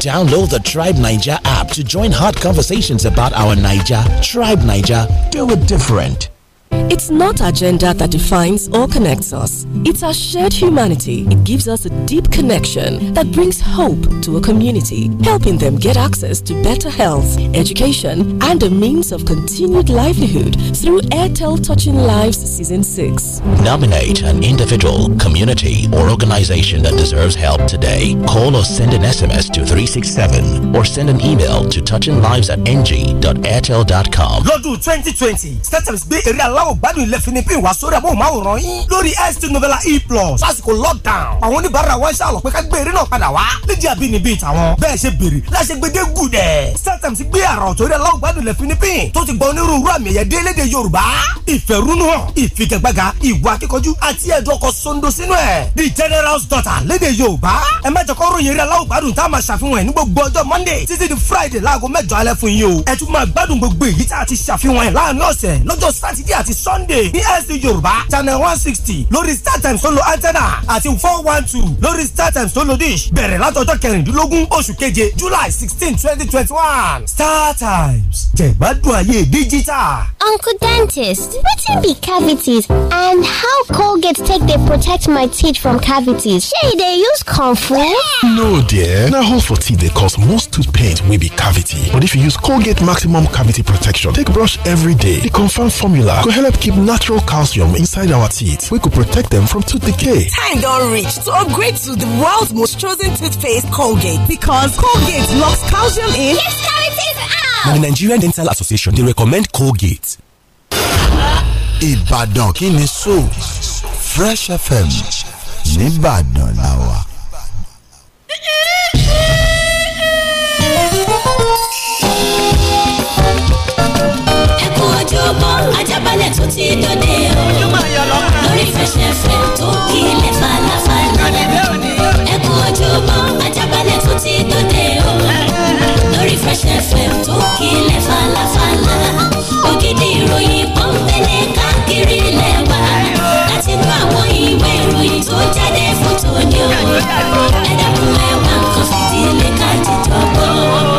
Download the Tribe Niger app to join hot conversations about our Niger. Tribe Niger, do it different. It's not agenda that defines or connects us. It's our shared humanity. It gives us a deep connection that brings hope to a community, helping them get access to better health, education, and a means of continued livelihood through Airtel Touching Lives Season 6. Nominate an individual, community, or organization that deserves help today. Call or send an SMS to 367 or send an email to touchinglives at ng.airtel.com. Lọ́dún 2020, startups gbé real. bá ò gbádùn ilẹ̀ fi wá sórí amóhùnmáwòrán yín lórí ST Novella E Plus lásìkò lockdown àwọn oníbàárà wọn ṣàlọ̀ pé ká gbé eré náà padà wá níjẹ́ àbínibí tàwọn bẹ́ẹ̀ ṣe béèrè láṣẹ gbẹdẹ gù dẹ̀ ti gbé àrà ọ̀tọ̀rí aláwọ̀gbádùn ilẹ̀ fi ni pín tó ti gba onírúurú àmì ẹ̀yẹ dé léde Yorùbá ìfẹ̀rúnúhàn ìfigagbága ìwà akíkanjú àti ẹ̀dùn ọkọ̀ sondo a máa àti sunday bsc yorùbá channel one sixty lórí startimes tó lo antenna àti four one two lórí startimes tó lo dish bẹ̀rẹ̀ látọjọ́ kẹrìndínlógún oṣù keje july sixteen twenty twenty one Star times. jẹ̀gbádùn ayé digital. uncle dentist wetin be cavities and how colgate take dey protect my teeth from cavities shey e dey use comfort? no dear na hole for teeth dey cause most tooth pain wey be cavity but if you use colgate maximum cavity protection take brush every day the confam formula go help. help keep natural calcium inside our teeth. We could protect them from tooth decay. Time don't reach to upgrade to the world's most chosen toothpaste, Colgate. Because Colgate locks calcium in. Keeps out! the Nigerian Dental Association, they recommend Colgate. Ibadan kini so Fresh FM nìbàdàn la wà. Ẹ kú ojúbọ ajá balẹ̀ tó ti dòde o. lórí fẹsẹ̀fẹ̀ tó kílẹ̀ falafala. ẹ kú ojúmọ́ ajábalẹ̀ tó ti dòde o. lórí fẹsẹ̀fẹ̀ tó kílẹ̀ falafala. ògidì ìròyìn pọ́npẹ́lẹ́ káàkiri ilẹ̀ wa. láti gbọ́ àwọn ìwé ìròyìn tó jáde fún tòní o. ẹ dẹ́kun ẹ̀wà nǹkan fìdílé ká jíjọ gbọ́.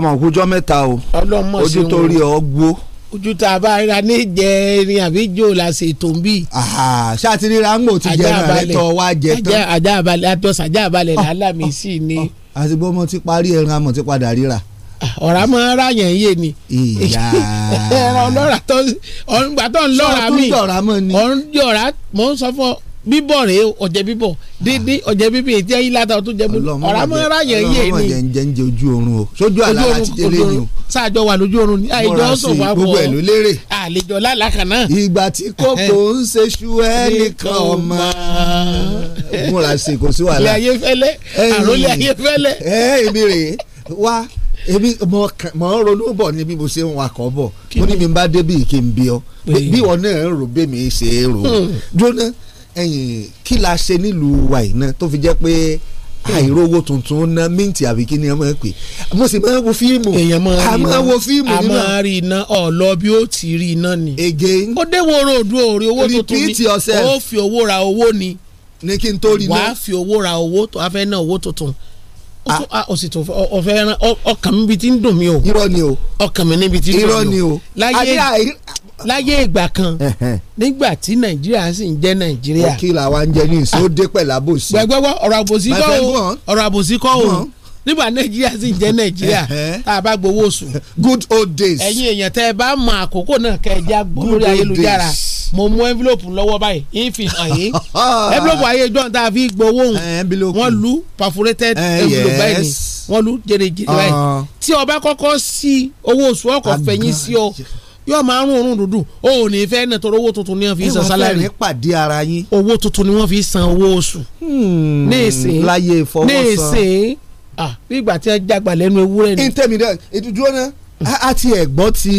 ọmọ òkújọ́ mẹ́ta o ojú tó rí ọ gbó. ojú tá a bá ríra ní jẹ erin àbí jò la ṣe tó ń bì. ṣáà ti ríra ń gbò tí jẹ náà rẹ tọ wá jẹ tán. ajá àbálẹ̀ àtọ́sà ajá àbálẹ̀ làálà mi sì ni. àti bó mo ti parí ẹran amọ̀ ti padà ríra. ọ̀rá máa ń ráyàn yé ni. ẹran ọlọ́ra tó ń gbà tó ń lọ́ra mi. sọ tún jọ̀ra mọ́ ni. ọ̀rá mò ń sọ fún ọ bíbọ̀ rèé ọ̀jẹ̀ bíbọ̀ dídí ọ̀jẹ̀ bíbí ètí ẹ̀yìn ládàá tó jẹ́ bíbí ọ̀rá mọ́ ráyẹ̀ yé ni. ọlọ́mọdé ń jẹ́ ń jẹ ojú oorun o sójú àlá àti tẹ́lẹ̀ ni o. sáàjọ wà lójú oorun ni àìjọ sọ̀fà bọ̀ gbogbo ẹ̀ ló lérè. àlejò lálàkà náà. ìgbà tí kòkó ń ṣe ṣu ẹnìkan ọmọ. múra sí kò sí wàhálà. ilé ayé fẹ́lẹ́ àròlé ayé fẹ́lẹ́. ẹ ẹ̀mí rèé wá èmi mo mo ronú bọ̀ ni bí mo ṣe ń wakọ̀ bọ̀ mo ní mi bá débi kí n bí ọ bí ìwọ náà ń rò bẹ́ẹ̀ mi ṣe é rò hmm. jóná kí la ṣe nílùú wa yìí náà tó fi jẹ́ pé owo tuntun ná mint àbí kí ni ẹ máa pè mo sì máa wo fíìmù èèyàn máa rí a wo fíìmù nínú a máa iná ọ̀lọ́ bí ó ti rí iná ni. again ó déwọ́ ròdú òòrè owó tuntun ni ó fi owó ra owó ni ní kí n tó rí iná wàá fi owó ra owó tó afẹ́ ná owó tuntun ó sì ọkàn mi bi ti ń o ni o ọkàn mi níbi ti o láyé láyé ìgbà kan nígbà tí nàìjíríà sì ń jẹ́ nàìjíríà. kí la wa ń jẹ ní ìṣó pẹ̀lú àbòsí. gbẹgbẹwọ ọ̀rọ̀ àbòsí kọ́ o ọ̀rọ̀ àbòsí kọ́ o nígbà nàìjíríà sì ń jẹ́ nàìjíríà tá a bá gbowó oṣù. good old days. ẹ̀yin èèyàn tẹ́ ẹ bá mọ àkókò náà kẹ́ ẹ já gbọ́ lórí ayélujára mo mú envelope lọ́wọ́ báyìí ń hàn yín envelope ayé john tá a fi gbowó òun wọ́n lu perforated eh, envelope báyìí ni wọ́n lu jèrèjèrè báyìí ah. tí o bá sí owó oṣù ọkọ̀ fẹ̀yìn sí ọ yóò máa rún òórùn dúdú o ò ní fẹ́ náà tọrọ owó tuntun ni wọ́n fi san sálárì pàdé ara yín owó tuntun ni wọ́n fi san owó oṣù hmm, ní ìsìn láyé ìfọwọ́sàn ní ìsìn bí ìgbà tí wọ́n jágbà lẹ́nu ewúrẹ́ ni. ntẹ̀mí dẹ ìdúró náà a ti ẹ̀gbọ́ ti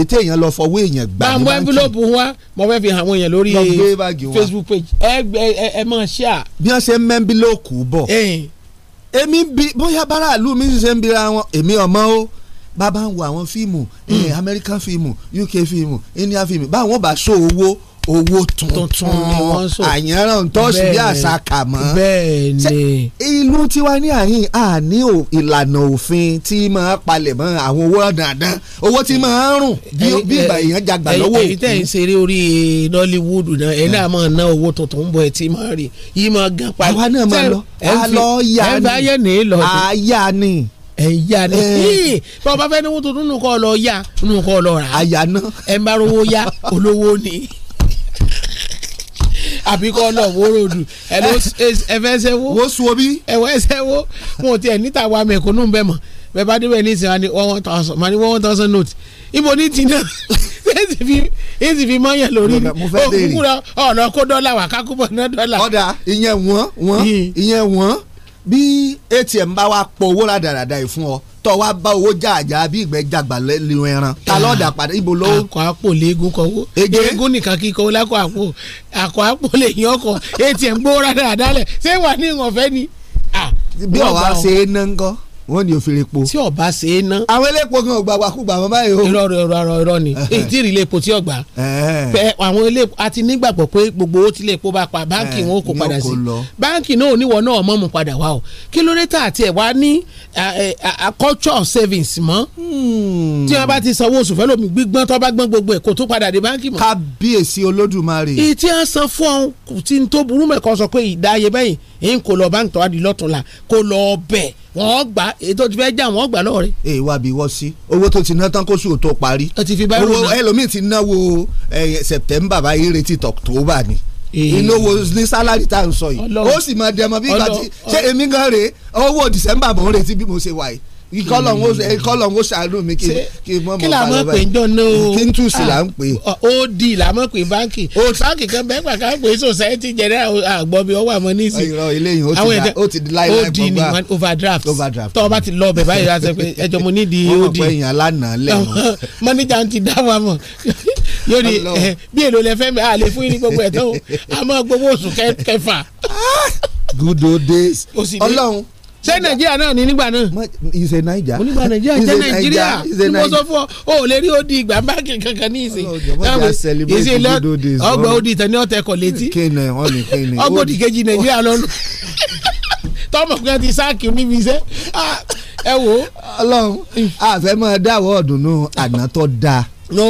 ètò èèyàn lọ fọwọ́ èèyàn gbà ní báńkì. báwo envelope wa mo fẹ́ fi àwọn èèyàn lórí Facebook page ẹ ẹ ẹ máa share. bí wọ́n ṣe bàbá ń wo àwọn fíìmù hmm. eh, American fíìmù UK fíìmù India fíìmù báwọn bá so owó owó tuntun àyànràn tọ́sí bí àṣà kà mọ́. bẹ́ẹ̀ni. ìlú tiwa ní àyìn a ní ìlànà òfin tí máa palẹ̀ mọ́ àwọn owó dandan owó tí máa ń rùn bí ìgbà èèyàn jàgbà lọ́wọ́ òkú. èyí tẹ̀ ń ṣeré orí Nollywood náà ẹ̀ náà máa ná owó tuntun ń bọ̀ ẹ̀ tí máa rí yìí máa gan pa. àwa náà máa lọ a yá ni a ni ẹ̀yà ni bí wọ́n bá fẹ́ ní wútu nínú kọ́ lọ yá nínú kọ́ lọ rà. àyà náà. ẹ̀ ń bá rówó yá olówó ni àbí kọ́ lọ wóróòdù ẹ ló ẹ fẹ́ sẹ́wó. wo sùn omi. ẹ wọ́n sẹ́wó wọn ò tiẹ̀ níta wa mẹ̀kúnnù bẹ́ẹ̀ mọ̀ bẹ́ẹ̀ bá débẹ̀ ní ìsìn wa ni one thousand ma ni one thousand note ibo ní ti náà èsì fi fi mọ́yàn lórí ọ̀nà kó dọ́là wà kákúbọ̀ ná dọ́là. ọ̀dà ìyẹn wọ́n wọ́n ìyẹn wọ́n bí atm bá wa pọ owó rádaràda yìí fún ọ tọ́ wa bá owó jàjà bí ìgbẹ́ jàgbà ẹran ta lọ́ọ̀dà padà ibo ló. akọ àpò léegun kọwọ nìkan kíkọ àpò akọ àpò ọkọ atm gbówó lẹ ṣé wà ni. bí ṣe é wọ́n ní òfin epo. tí ọba ṣe é ná. àwọn elépo kan ò gba wakúgba àwọn báyìí o. irọ́ irọ́ irọ́ irọ́ ni ètí ìrìlẹ̀ epo tí ọgbà. àwọn elépo àti nígbàgbọ́ pé gbogbo owó tílé epo bá pa báǹkì wọn kò padà sí. báǹkì náà oníwọ̀ náà ọmọ mu padà wá o kí ló dé tà àti ẹ̀ wá ní culture of savings mọ́. Hmm. tí wọ́n bá ti sanwó oṣù fẹ́lẹ́ omi gbígbọ́n tó bá gbọ́n gbogbo ẹ̀ kò tó padà dé báǹkì mọ́. kábíyèsí olódùmarè. ìtí n kò lọ bá ń tọ́wádìí lọ́túnla kò lọ bẹ̀ wọ́n gbà ètò tí fẹ́ jà wọ́n gbà lọ́wọ́ rẹ̀. ẹ wá bí wọ́n sí owó tó ti ná tán kó sùn tó parí owó ẹlòmíì ti náwó September báyìí retí October ni ìnáwó eh. ní sálárì tá à ń sọ yìí ó sì máa dẹmọ bí ìgbà tí ṣé èmi gan rèé owó December mò ń retí bí mo ṣe wà yìí ìkọlọ̀hún ìkọlọ̀hún ṣàánú mi kí kí mọ́ mọ́ bá lọ báyìí kí la mọ̀ pé ń dán náà kí n tún sí là ń pè. od ah, la mọ̀ pé báńkì báńkì kan bẹ́ẹ̀ gbàgbà pé society general àgbọ̀ bí ọwọ́ àmọ́ ní ìsìn. ìrọ̀ eléyìí ó ti di láì láì bọ́ bá od ni overdraft tọ́ ọ bá ti lọ ọbẹ̀ báyìí láti pé ẹjọ́ mo ní di od. wọ́n pẹ́ yàn lánàá lẹ́nu. mọ́níjà ti dá wa mọ̀ yóò di eh, bí èlò lẹ fẹ́ mi à lè fún yín ní gbogbo ẹ̀ tán o àmọ́ gbogbo oṣù kẹfà. Ah! good old days ọlọ́run ṣé nàìjíríà náà ní nígbà náà. ìṣe nàìjà onígbà nàìjíríà jẹ́ nàìjíríà tí mo sọ fún ọ o ò lè rí odi ìgbà báńkì kankan ní ìsìn. ìṣe ọgbà odi ìtẹ̀ni ọ̀tẹ̀ kọ̀ létí ọgbà odi kejì nàìjíríà lọ́nu tọmọ kan ti sáàkì níbi iṣẹ́ ẹ wo. ọlọ́run àfẹ́ máa dáwọ́ ọ̀dùnnú àná tó dáa. no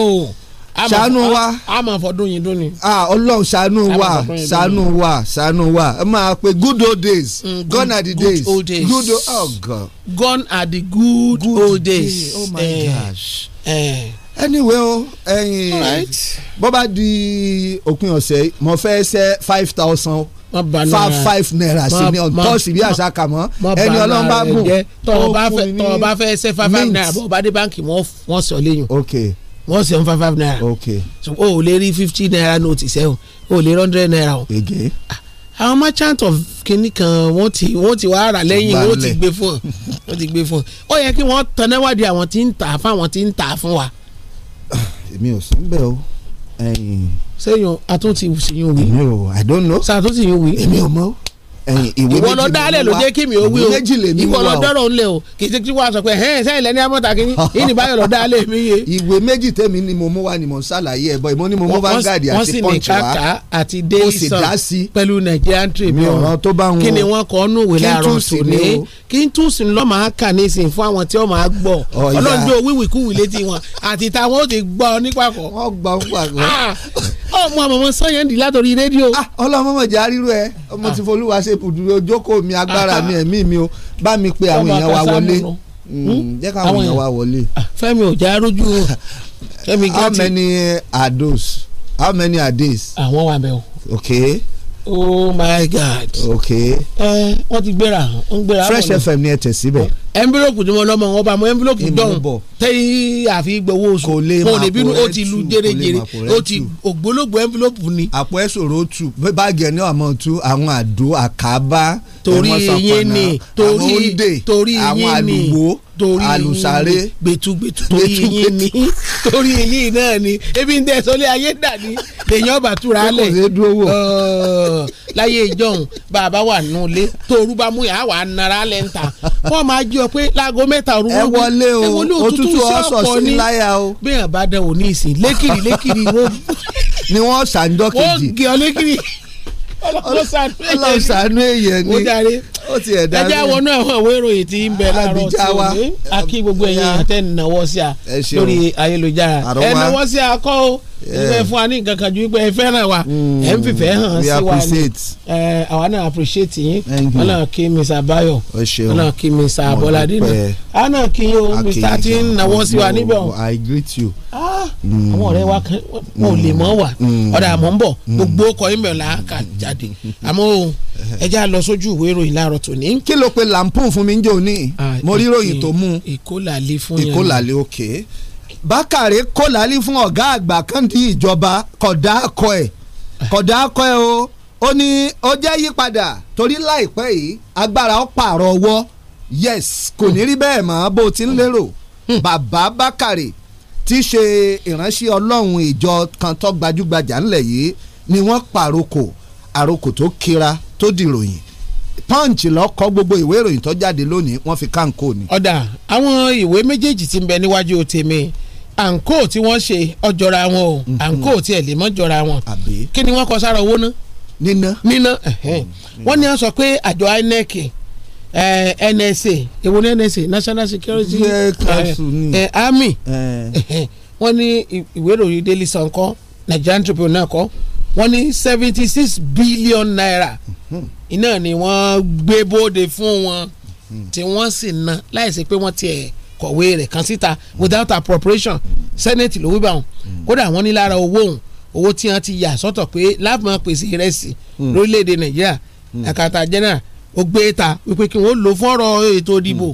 ṣàánú wa a máa fọdún yìí dún ni. ọlọ́run ṣàánú wa ṣàánú wa ṣàánú wa ẹ máa pe good old days mm, good, gone are the good days old days good old oh god. gone are the good, good old days. days. oh my eh, gosh. Eh. anyway o ẹyin bó bá di òpin ọ̀sẹ̀ mo fẹ́ ṣe five thousand fa five naira sí ni ọ̀tọ́sí bí àṣà kà mọ́ ẹni ọlọ́run bá bùn tó fún mi ní mint tọ́ ọ bá fẹ́ ṣe five naira bó bá dé báǹkì wọ́n sọ lẹ́yìn. okay wọ́n sẹ̀ ń fa five naira. ok so o ò lè rí fifty naira note sẹ́ o ò lè rí hundred naira o. ege. àwọn merchant of kinní kan wọ́n ti wọ́n ti wá rà lẹ́yìn wọ́n ti gbé fún ọ wọ́n ti gbé fún ọ ó yẹ kí wọ́n tanáwádìí àwọn tí ń tà fún àwọn tí ń tà fún wa. èmi ò sí bẹ́ẹ̀ o sẹ́yìn àtúntì ṣìyàn wí. èmi ò i don't know. sàtúntì yín wí. èmi ò mọ̀ ìwọ lọ dálẹ̀ ló jẹ́ kí mi ò wí o ìwọ lọ dọ́rọ̀ ńlẹ̀ o kì í ṣe kí wọ́n aṣọ pé ẹ̀hẹ́n sẹ́yìn lẹ́ni amọ́ta kí yín ní báyọ̀ lọ dálẹ̀ mi yé. ìwé méjì tèmi ni mo mú wa ni mo ń ṣàlàyé ẹ̀ bọ́ ìmọ̀ ni mo mú Vanguard àti Punch wa wọ́n sì ní kàkà àti daily sun pẹ̀lú Nigerian Tribune kí ni wọ́n kọ́ nù wẹ̀ láàárọ̀ tòní kí n tún sìn lọ́ máa kà ní ìsìn fún àwọn tí wọ́n máa gbọ́ ọlọ́njọ́ wíwìkúwì létí wọn àti táwọn ó ti gbọ́ nípàkọ́. wọ́n gbọ́ nípàkọ́. Ah! ọmọ àmọ̀mọ́ sọ́yẹ́ndì látòrí rédíò. Ah! ọlọ́mọ mọ̀jà rírú ẹ ọmọ ah! tí folúwa ṣe ojókòó mi agbára mi ẹ̀mí mi o bá mi pe àwọn èèyàn wa wọlé hmm, hmm? jẹ́ káwọn èèyàn wa wọlé. Ah, Fẹ́mi ò já rójú o how many are those how many are these. àwọn wà bẹ́ẹ̀ o. okay oh my god. ok ẹ wọ́n ti gbéra wọ́n gbéra. fresh fm ni ẹ tẹ̀ síbẹ̀. envelope tí mo lọ́mọ wọn bá mo envelope dọ̀hún tẹ́yìn àfi gbowó oṣù kò lè máa bínú ó ti lu jẹrẹjẹrẹ ó ti ògbólógbò envelope ni. àpò ẹ̀sọ̀rọ̀ tù báàgì ẹ̀ ní àmọ́ tu àwọn àdó àkàbà torí yín ni torí torí yín ni àwọn àlùwò torí àlùsáré gbẹtugbẹtu torí eyín ni torí eyín náà ni ebi ń dẹ sọlé ayé dà ní lèyìn ọba túra lẹ láyé ìjọhún bàbá wà nù lé torú bá mú yàrá wà nara lẹ ń ta wọn máa jọ pé láago mẹ́ta òru wọn wọlé o òtútù ọsọ sí láyà o bí yàrá bá dẹ òní ìsìn lékiri lékiri wọn. ni wọn ṣàǹjọ kejì wọn gé ọ lékiri ọlọ́run ṣàánú èèyàn ni ó ti ẹ̀dá rẹ̀. ẹ jẹ́ wọnú ẹ̀hún ẹ̀wé ìròyìn tí ń bẹ láàárọ̀ tí o ní akí gbogbo ẹ̀yìn àtẹ̀ nàwọ́ sí a lórí ayélujára ẹ̀ nàwọ́ kọ́ o. ẹ fún wa ní nǹkan kan ju pé ẹ fẹ́ràn wa ẹ ń fìfẹ́ hàn sí wa ni ẹ àwa appreciate yín wọn náà kí Mr. Bayo wọn náà kí Mr. Abọ́ládé a náà kí o Mr. ti ń nawọ́ sí wa níbẹ̀ o I greet you. Ah, mm. wa kan wọn ò lè mọ̀ wá mm. ọ̀dà àmọ́ mm. gbogbo ọkọ̀ yín bẹ̀ là kà jáde àmọ́ lọ sójú ìwé ìròyìn láàárọ̀ kí ló pe fún mi ń bákàrẹ́ kólálí fún ọ̀gá àgbà kan di ìjọba kọ̀dá akọ ẹ̀ kọ̀dá akọ ẹ̀ o ó ní ó jẹ́ yípadà torí láìpẹ́ yìí agbára ó pààrọ̀ ọwọ́ yes kò ní rí bẹ́ẹ̀ mọ́ bó ti ń lérò bàbá bákàrẹ́ tí í ṣe ìránṣẹ́ ọlọ́run ìjọ kan tó gbajúgbajà ńlẹ̀ yìí ni wọ́n pàrokò àrokò tó kira tó dìròyìn punch lọkọ gbogbo ìwé ìròyìn tó jáde lónìí wọ́n fi kánkó ni. ọ̀dà àwọn ìwé méjèèjì tí ń bẹ níwájú tèmi àǹkó tí wọ́n ṣe ọjọ́ra wọn o mhm. àǹkó tí ẹ̀ lè mọ́ jọra wọn kí ni wọ́n kọ sára owó náà. níná mhm. níná wọ́n ní à ń sọ pé àjọ INEC NSA èwo ní NSA National Security Army wọ́n ní ìwé ìròyìn Daily Sun kọ́ Nigerian Tribune náà kọ́ wọ́n ní seventy six billion naira mhm. iná ni wọ́n gbé bóde fún wọn tí wọ́n sì ná láìsí pé wọ́n tiẹ̀ kọ̀wé rẹ̀ kan síta without appropriation senate ló wí bá wọn hmm. kódà wọ́n ní lára owó òun owó tí wọ́n ti yà sọ́tọ̀ pé láàbùmọ̀ pèsè ìrẹsì hmm. lórílẹ̀‐èdè nàìjíríà àkàtà hmm. general ó gbé e ta wípé kí wọ́n lò fún ọ̀rọ̀ ètò ìdìbò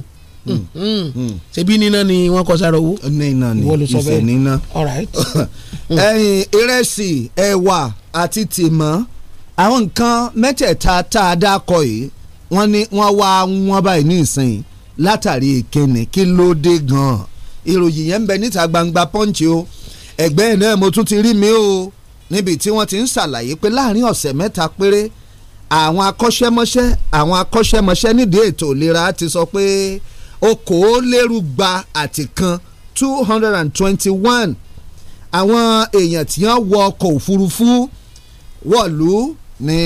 ṣebí níná ni wọ́n kọ sára owó ìwọ ló sọ bẹ́ẹ̀ níná ẹyin ìrẹsì ẹ̀wà àti tìmọ́ àwọn nǹkan mẹ́tẹ̀ẹ̀ta tá a dá kọ yìí wọ́n ní wọ́n wá wọ́n báyìí ní ìsìn yìí látàrí ìkíni kí ló dé gan-an ìròyìn yẹn ń bẹ níta gbangba pọ́ǹchì o ẹ̀gbẹ́ ẹ̀ náà mo tún ti rí mi o níbi tí wọ́n ti ń ṣàlàyé pé láàrin ọ̀sẹ̀ mẹ́ta péré àwọn akọ́ṣẹ́mọṣẹ́ àwọn akọ́ṣẹ́mọṣẹ́ nídìí ètò ìlera ti sọ pé okòólérúgba àti kan two hundred and twenty-one àwọn èèyàn tí wọ́n wọ ọkọ̀ òfurufú wọ̀lú ni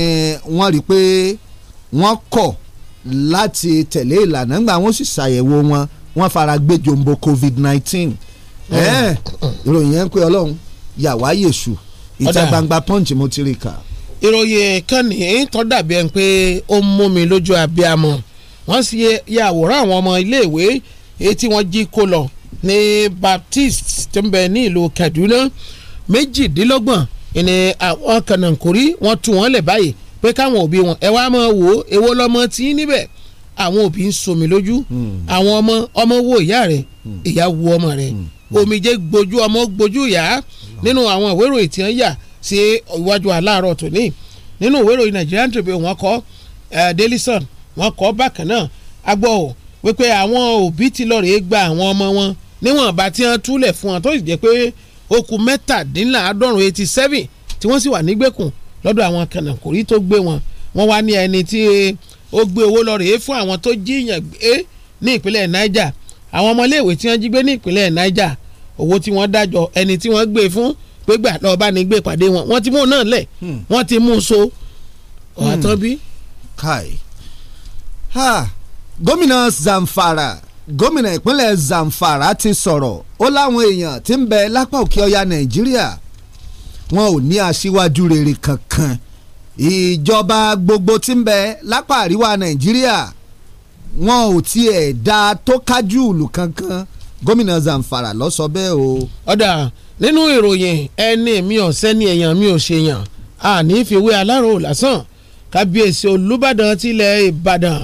wọ́n rí i pé wọ́n kọ̀ láti tẹ̀lé ìlànà ńgbà wọ́n sì ṣàyẹ̀wò wọn wọ́n fara gbé jombo covid nineteen hmm. ìròyìn yẹn ń pè ọlọ́run yàwá yèṣù ìta gbangba punch mo ti rí kà. ìròyìn kànnì tó dàbí ẹni pé ó ń mú mi lójú abiyamọ wọ́n sì ya àwòrán àwọn ọmọ iléèwé tí wọ́n jí kó lọ ní Baptist tó ń bẹ ní ìlú Kaduna méjìdínlọ́gbọ̀n ìní àwọn kànáńkórí wọ́n tú wọn lẹ̀ báyìí pé káwọn òbí wọn ẹ wá máa wò ó èwo lọmọ tí ń níbẹ̀ àwọn òbí ń somi lójú hmm. àwọn ọmọ ọmọ wo ìyá rẹ hmm. ìyá wo ọmọ rẹ hmm. omijé gbojú ọmọ gbojú ìyá nínú àwọn ìwé ìròyìn tí wọ́n yà sí iwájú aláàárọ̀ tòní nínú ìwé ìròyìn Nigerian Tribune wọ́n kọ Daily Sun wọ́n kọ bákan náà agbọ́ ò wípé àwọn òbí ti lọ rèé gba àwọn ọmọ wọn níwọ̀n bá tí wọ́n túlẹ̀ fún wọn tó sì jẹ́ pé okùn mẹ́tàdínláàádọ́rùn eighty seven tí wọ́n sì wà nígbèkùn lọ́dọ̀ àwọn kànáńkórí tó gbé wọn wọ́n wá ní ẹni tí ó gbé owó lọ rèé fún àwọn tó jíyàn gbé ní ìpínlẹ̀ Niger àwọn ọmọléèwé tí wọ́n jí gbé ní ìpínlẹ̀ Niger owó tí wọ́n dájọ́ ẹni tí wọ́n gbé fún gbégbà lọ́ọ́ bá ní gbé pàdé wọn wọ́n ti mú náà lẹ̀ hmm. wọ́n ti mú un so ọ̀tọ́ hmm. bí. kai ha gómìnà Zamfara gómìnà ìpínlẹ̀ Zamfara ti sọ̀rọ̀ ó láwọn èèyàn tí ń bẹ lápá òkè ọya Nàìjíríà wọn ò ní aṣíwájú rere kankan ìjọba gbogbo tí ń bẹ lápá àríwá nàìjíríà wọn ò tiẹ̀ dá tó kájú ìlú kankan gómìnà zamfara ló sọ bẹ́ẹ̀ o. ọ̀dà nínú ìròyìn ẹni mi ò sẹ́ni èèyàn mi ò ṣèyàn àní ìfìwé alárò lásán kábíyèsí olùbàdàn tilẹ̀ ìbàdàn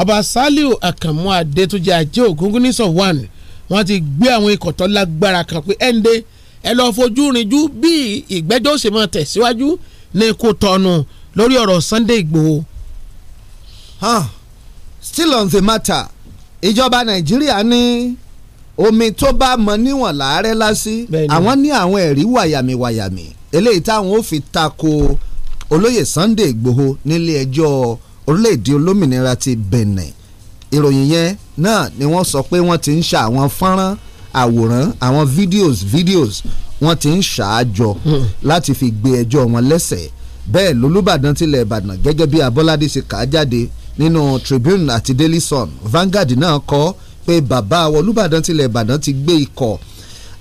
ọba saliu akamu adétúnjẹ ajé ògúngún ní sọ one wọ́n ti gbé àwọn ikọ̀ tó lágbára kan pé ẹ̀ ń dé ẹ lọ́ọ́ fojú rinjú bí ìgbẹ́jọ́ ṣe máa tẹ̀síwájú ní kò tọ́nu lórí ọ̀rọ̀ Sunday Igboho. Huh. still on the matter ìjọba Nàìjíríà ní omi tó bá mọ níwọ̀n láàárẹ̀ lásì àwọn ní àwọn ẹ̀rí wàyàmìwàyàmì eléyìí táwọn ò fi tako olóyè Sunday Igboho nílé ẹjọ́ orílẹ̀-èdè olómìnira ti Benin ìròyìn yẹn náà ni wọ́n sọ pé wọ́n ti ń ṣe àwọn fọ́nrán àwòrán àwọn videos videos wọ́n ti ń ṣàájọ hmm. láti fi gbé ẹjọ́ wọn lẹ́sẹ̀ bẹ́ẹ̀ lolúbàdàn tilẹ̀ ìbàdàn gẹ́gẹ́ bí abọ́ládé ṣe kà á jáde nínú Tribune àti Daily Sun Vanguard náà kọ pé bàbá olúbàdàn tilẹ̀ ìbàdàn ti gbé ikọ.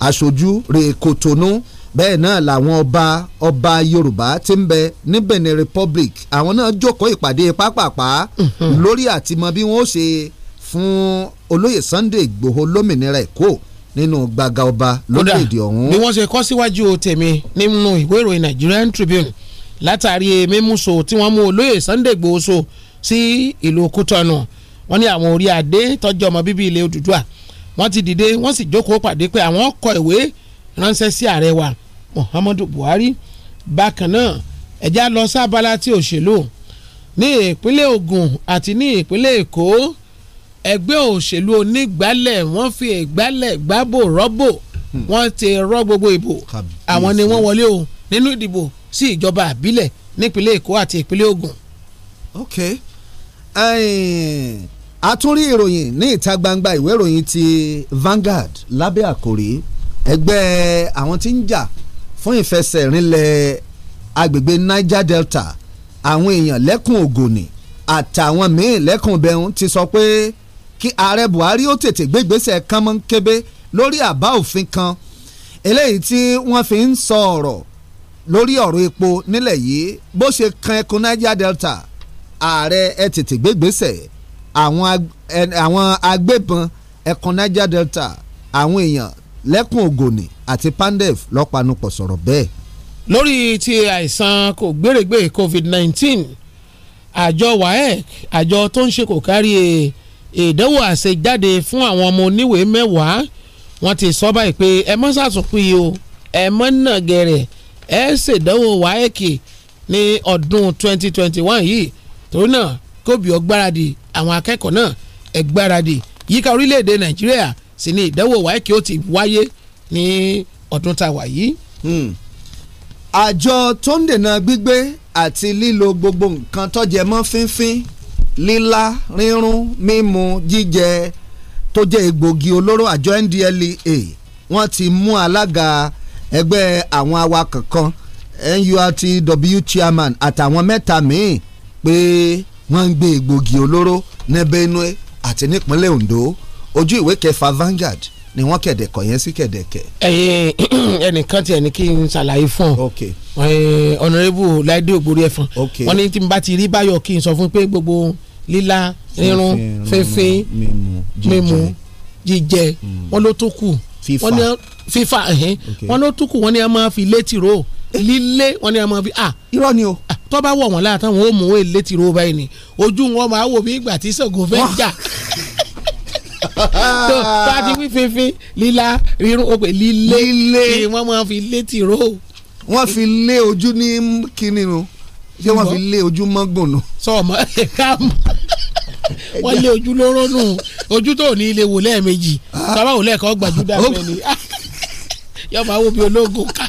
aṣojú rẹ̀ kòtónú bẹ́ẹ̀ náà làwọn ọba ọba Yorùbá ti ń bẹ ní Benin Republic àwọn náà jókòó ìpàdé pápápá hmm. lórí àtìmọ́ bí wọ́n ṣe fún olóyè Sunday Ìgbòho lómìnira Èkó nínú gbàgà ọba lókèèdè ọ̀hún. bí wọ́n ṣe kọ́ síwájú tèmi nínú ìwé ìròyìn Nigerian Tribune látàrí mímúso tí wọ́n mú olóyè Sunday Igboho so sí ìlú Kútọ́nù wọ́n ní àwọn orí adé tọ́jú ọmọ bíbí ilẹ̀ Odùduwà wọ́n ti dìde wọ́n sì jókòó pàdé pé àwọn kọ ìwé ránṣẹ́ sí ààrẹ wa Muhammadu Buhari bákan náà ẹ̀já lọ sábàlá tí òṣèlú ní ìpínlẹ̀ Ògùn àti ní ìpínlẹ̀ Èkó ẹgbẹ́ òṣèlú onígbálẹ̀ wọ́n fi ìgbálẹ̀ gbábò rọ́bò hmm. wọ́n ti rọ́ gbogbo ìbò àwọn ni wọ́n wọlé o nínú ìdìbò sí ìjọba àbílẹ̀ nípínlẹ̀ Èkó àti ìpínlẹ̀ Ògùn. ok àtúrí ìròyìn ní ìta gbangba ìwé ìròyìn ti Vanguard lábẹ́ àkòrí ẹgbẹ́ àwọn tí ń jà fún ìfẹsẹ̀rinlẹ̀ agbègbè Niger Delta àwọn èèyàn lẹ́kùn Ògònì àtàwọn míín lẹ́kùn bẹ́hùn ti sọ pé kí ààrẹ Buhari ó tètè gbé ìgbésẹ̀ kánmọ́nkébé lórí àbá òfin kan eléyìí tí wọ́n fi ń sọ ọ̀rọ̀ lórí ọ̀rọ̀ epo nílẹ̀ yìí bó ṣe kan ẹkùn Niger Delta ààrẹ ẹ tètè gbé àwọn agbébọn ẹkùn Niger Delta àwọn èèyàn lẹ́kùn Ògònì àti Pandef lọ́panupọ̀ sọ̀rọ̀ bẹ́ẹ̀. lórí ti àìsàn kò gbèrègbè COVID-19 àjọ WAEC àjọ tó ń ṣe kò kárí e ìdánwò àṣejáde fún àwọn ọmọ oníwèé mẹ́wàá wọ́n ti sọ báyìí pé ẹ mọ́ sàtúnpì o ẹ mọ́ nà gẹ̀rẹ̀ ẹ ṣèdánwò wáyẹ̀kì ní ọdún 2021 yìí torí náà kóbi ọgbáradì àwọn akẹ́kọ̀ọ́ náà ẹ gbáradì yíká orílẹ̀-èdè nàìjíríà sì ni ìdánwò wáyẹ̀kì ó ti wáyé ní ọdún tá a wà yìí. Hmm. àjọ tó ń dènà gbígbé àti lílo gbogbo nǹkan tó jẹ mọ́ fínfín lílá rírún mímu jíjẹ tó jẹ́ egbògi olóró àjọ NDLEA wọ́n ti mú alága ẹgbẹ́ àwọn awakọ̀ kan NURTW chairman àtàwọn mẹ́ta míì pé wọ́n ń gbé egbògi olóró ní Benue àti nípínlẹ̀ Ondo ojú ìwé kẹfà Vanguard ni wọ́n kẹ̀dẹ̀ kọ̀ yẹn sí kẹ̀dẹ̀kẹ̀. ẹnìkan tiẹ̀ ní kí n ṣàlàyé fún ọ ọ̀nàrẹ́bù láìdé ògbórí ẹ̀fọn wọ́n ní tí n bá ti rí báyọ̀ kí n sọ fún pé gbogbo lílá rírun fínfín mímu jíjẹ hmm. wọn ló tó kù fífa wọn ló tó kù wọn ni a máa fi létí lílé wọn ni a máa fi ah irọ́ ni o tó bá wọ̀ wọ́n lára táwọn ó mú wọn létí ro báyìí ni ojú wọn máa wò bí ìgbà tí Ṣàngó fẹ́ jà tó bá lílá rírun ó lílé kí wọ́n máa fi létí wọ́n fi lé ojú ní kíni nu. ṣé wọ́n fi lé ojú mọ́ gbòòna. sọ ẹ ká mọ wọ́n lé ojú lóró nù ojú tó ní ilé wò lẹ́ẹ̀mejì sábà ah. wò lẹ́ẹ̀kan gbàjú ni yọ máa wo bí ológun ká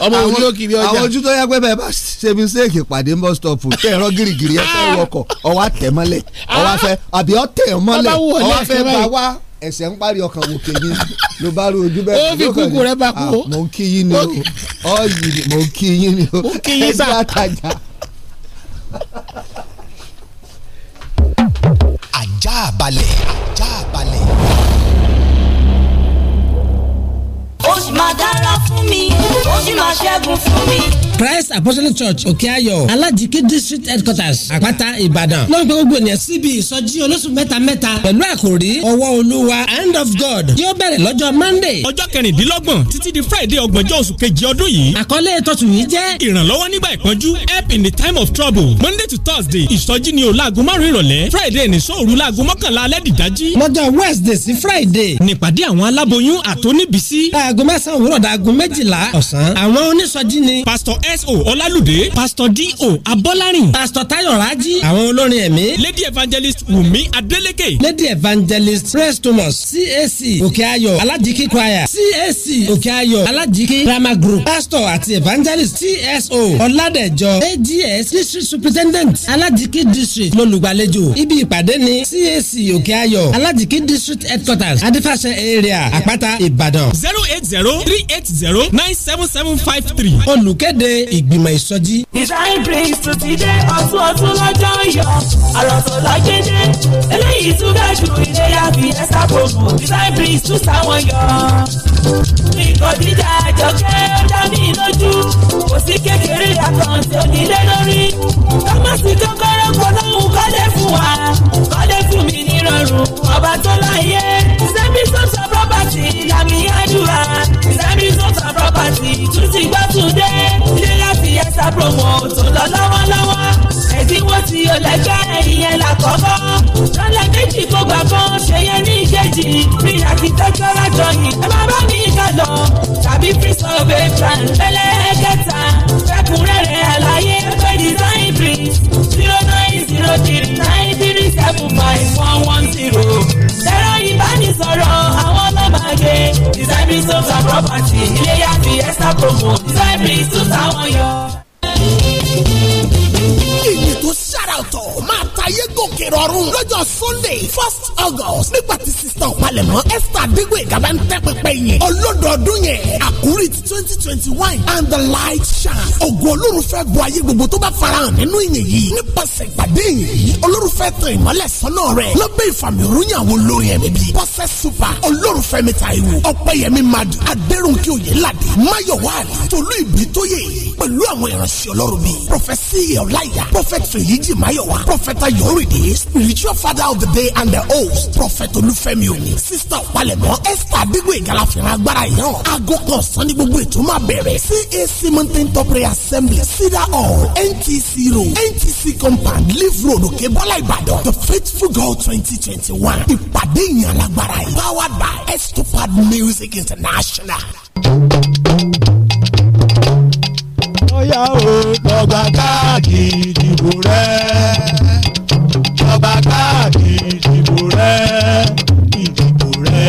ọmọ ojú ó kiri ọjà àwọn ojú tó yá pé bẹ́ẹ̀ bá ṣe mi pàdé ń bọ́ stọ̀pù tẹ̀ ẹ̀rọ gírígírí ẹ àbí bá ẹsẹ̀ ń parí ọkàn wò kéyìn ló bá rí ojú bẹ́ẹ̀. ó fi kúkú rẹ bá kú. Ah, mo ń kí yín ni o ọ̀yì mo ń kí yín ni o ẹjẹ́ àtàjà. ajá balẹ̀ ajá balẹ̀. ó máa dára fún mi ó máa ṣẹ́gun fún mi christ apostolic church òkèayọ̀ alajiki district headquarters àpáta ìbàdàn lọ́nà gbogbo ènìyàn síbi ìsọjí olóṣù mẹ́ta mẹ́ta pẹ̀lú àkòrí ọwọ́ olúwa hand of god yóò bẹ̀rẹ̀ lọ́jọ́ monday. ọjọ́ kẹrìndínlọ́gbọ̀n títí di friday ọgbọ̀njọ́ oṣù kejì ọdún yìí. àkọlé tọ́tù yìí jẹ́. ìrànlọ́wọ́ nígbà ìpọ́njú help in the time of trouble monday to thursday ìsọjí ni o láago márùn-ún ìrọ̀lẹ́ friday ní sóòru láago mọ́kànlá alẹ́ dìdájí. lọ́jọ́ wednesday sí friday. nípàdé àwọn aláboyún àtóníbísí. láago mẹ́sàn-án òwúrọ̀ dàgún méjìlá ọ̀sán. àwọn onísọjí ni. pastor so ọlálùdé pastor do abọ́lárìn pastor tayo raji àwọn olórin ẹ̀mí lady evangelist wumi adeleke lady evangelist praise thomas cac òkè ayọ̀ alajiki choir cac òkè ayọ̀ alajiki drama group pastor àti evangelist tso ọ̀làdẹ̀jọ ags district superintendent alajiki district lọ́lùgbàlejò ibi ìpàdé ni cac òkè ayọ̀ alajiki district headquarters adifasẹ area àpáta ìbàdàn zero eight zero three eight zero nine seven seven five three olùkéde ìgbìmọ̀ ìsọjí. design brings to ti dé ọtún ọtún lọ́jọ́ yọ àrọ̀ tó lágbédé eléyìí tún ga jù ìléyà fi ẹ̀sà promo design brings tún sáwọn yọ. nǹkan jíjà àjọkẹ́ ó dá mi lójú kò sí kékeré àkàǹtì onílé lórí. ká má sí kọ́kọ́rọ́ kọ́ lóhùn kọ́lé fún wa kọ́lé fún mi nírọ̀rùn ọba tó láyé Zebby Homes and Property làmì àdúrà Zebby Homes and Property tún ti gbọ́ tún dé ilé láti ẹ̀sà promo tó lọ lọ́wọ́lọ́wọ́ ẹ̀dínwó tí o lẹ́gbẹ́ ìyẹn là kọ́kọ́ lọ́lẹ̀ méjì tó gbà kan ṣe yẹn ní ìkejì bí àkìtẹ́kọ̀rọ̀ àjọyìn ẹ má bá mi kà lọ tàbí free survey plan lẹ́lẹ́kẹta fẹ́kúnrẹ́rẹ́ àlàyé pé design print zero nine zero three nine seven five one one zero. ẹ̀rọ ìbánisọ̀rọ̀ àwọn ọlọ́màgé Design homes and property ilé yá fi extra promo Design homes tún táwọn tó ṣàrà ọ̀tọ̀ máa ta ayé gòkè rọrùn lọ́jọ́ sunday first august nígbà tí sista ọ̀pálẹ̀mọ́ esther adigun ìgaba ń tẹ́ pẹpẹ yẹn ọlọ́dọọdún yẹn àkúrì ti twenty twenty one and the light shine ògo olórúfẹ́ bu ayé gbogbo tó bá farahàn nínú ìyẹn yìí nípasẹ̀ ìpàdé yìí olórúfẹ́ tan ìmọ́lẹ̀ sọ́nà rẹ̀ lọ́bẹ̀ ìfàmì òrùnyàwó lórí ẹ̀mí bíi bọ́sẹ̀ super olórúfẹ́ mi ta ìwò ọ̀pẹ̀yẹmí madu adẹ́rùnkì òye ládé máyọ̀wá àlè tolú ìbí tóyè pẹ̀lú àwọn ìránṣẹ́ ọlọ́run bíi prọfẹ́sì ọ̀láyà prọfẹ́t Prophet Yiji Mayowa, Prophet Yoride, Spiritual Father of the Day and the Host, Prophet Olufemi Oni, Sister Palemo, Esther Digwe Galafina Agbára Ìyàn, aago kan sọ́ni gbogbo ètò máa CAC Mountain Top Prayer Assembly, Cedar Hall, NTC Road, NTC Compound, Leaf Road, Òkè Bọ́lá Ìbàdàn, The Faithful God 2021, twenty one, ìpàdé ìyàn powered by Estopad Music International yá o lọ́gbà káàdì ìdìbò rẹ lọ́gbà káàdì ìdìbò rẹ ìdìbò rẹ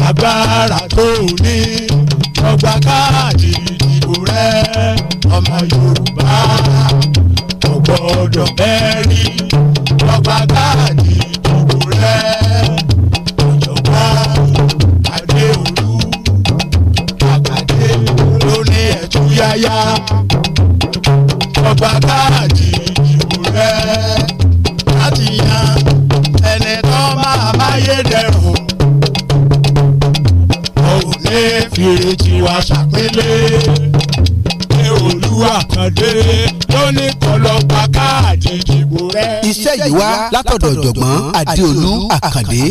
lágbára tó ní lọ́gbà káàdì ìdìbò rẹ ọmọ Yorùbá ọ̀gbọ́dọ̀ bẹ́ẹ̀ rí lọ́gbà káàdì. yáyá ọba káàdì ìbò rẹ láti yan ẹni tó máa máyé dẹrùn òun lè fèrè tiwa ṣàpélé ní olúwa lóní kọlọ́pàá káàdì ìbò rẹ. iṣẹ́ yìí wá látọ̀dọ̀ ọ̀jọ̀gbọ́n Adéolú Àkàndé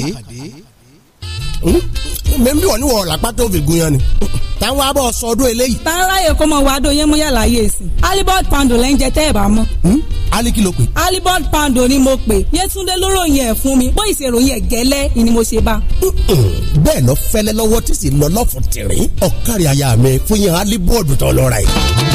mẹ́mbí wọ̀ ní wọ̀ làpá tó fi ni táwọn abọ́ sọdún eléyìí. tá a ráyè dó yẹn mú yàrá yé sí. alibod pando lẹ́ ń jẹ tẹ́ ẹ̀ bá mọ́. Hmm? ali ló pè. alibod pando ni mo pè yétúndé lóró yẹn fún mi bó ìṣèròyìn ẹ̀ gẹ́lẹ́ ni mo ṣe bá. bẹ́ẹ̀ lọ fẹ́lẹ́ lọ́wọ́ tí sì lọ lọ́fun tìrín ọ̀kárí aya mi fún yẹn alibod tó lọ́ra yìí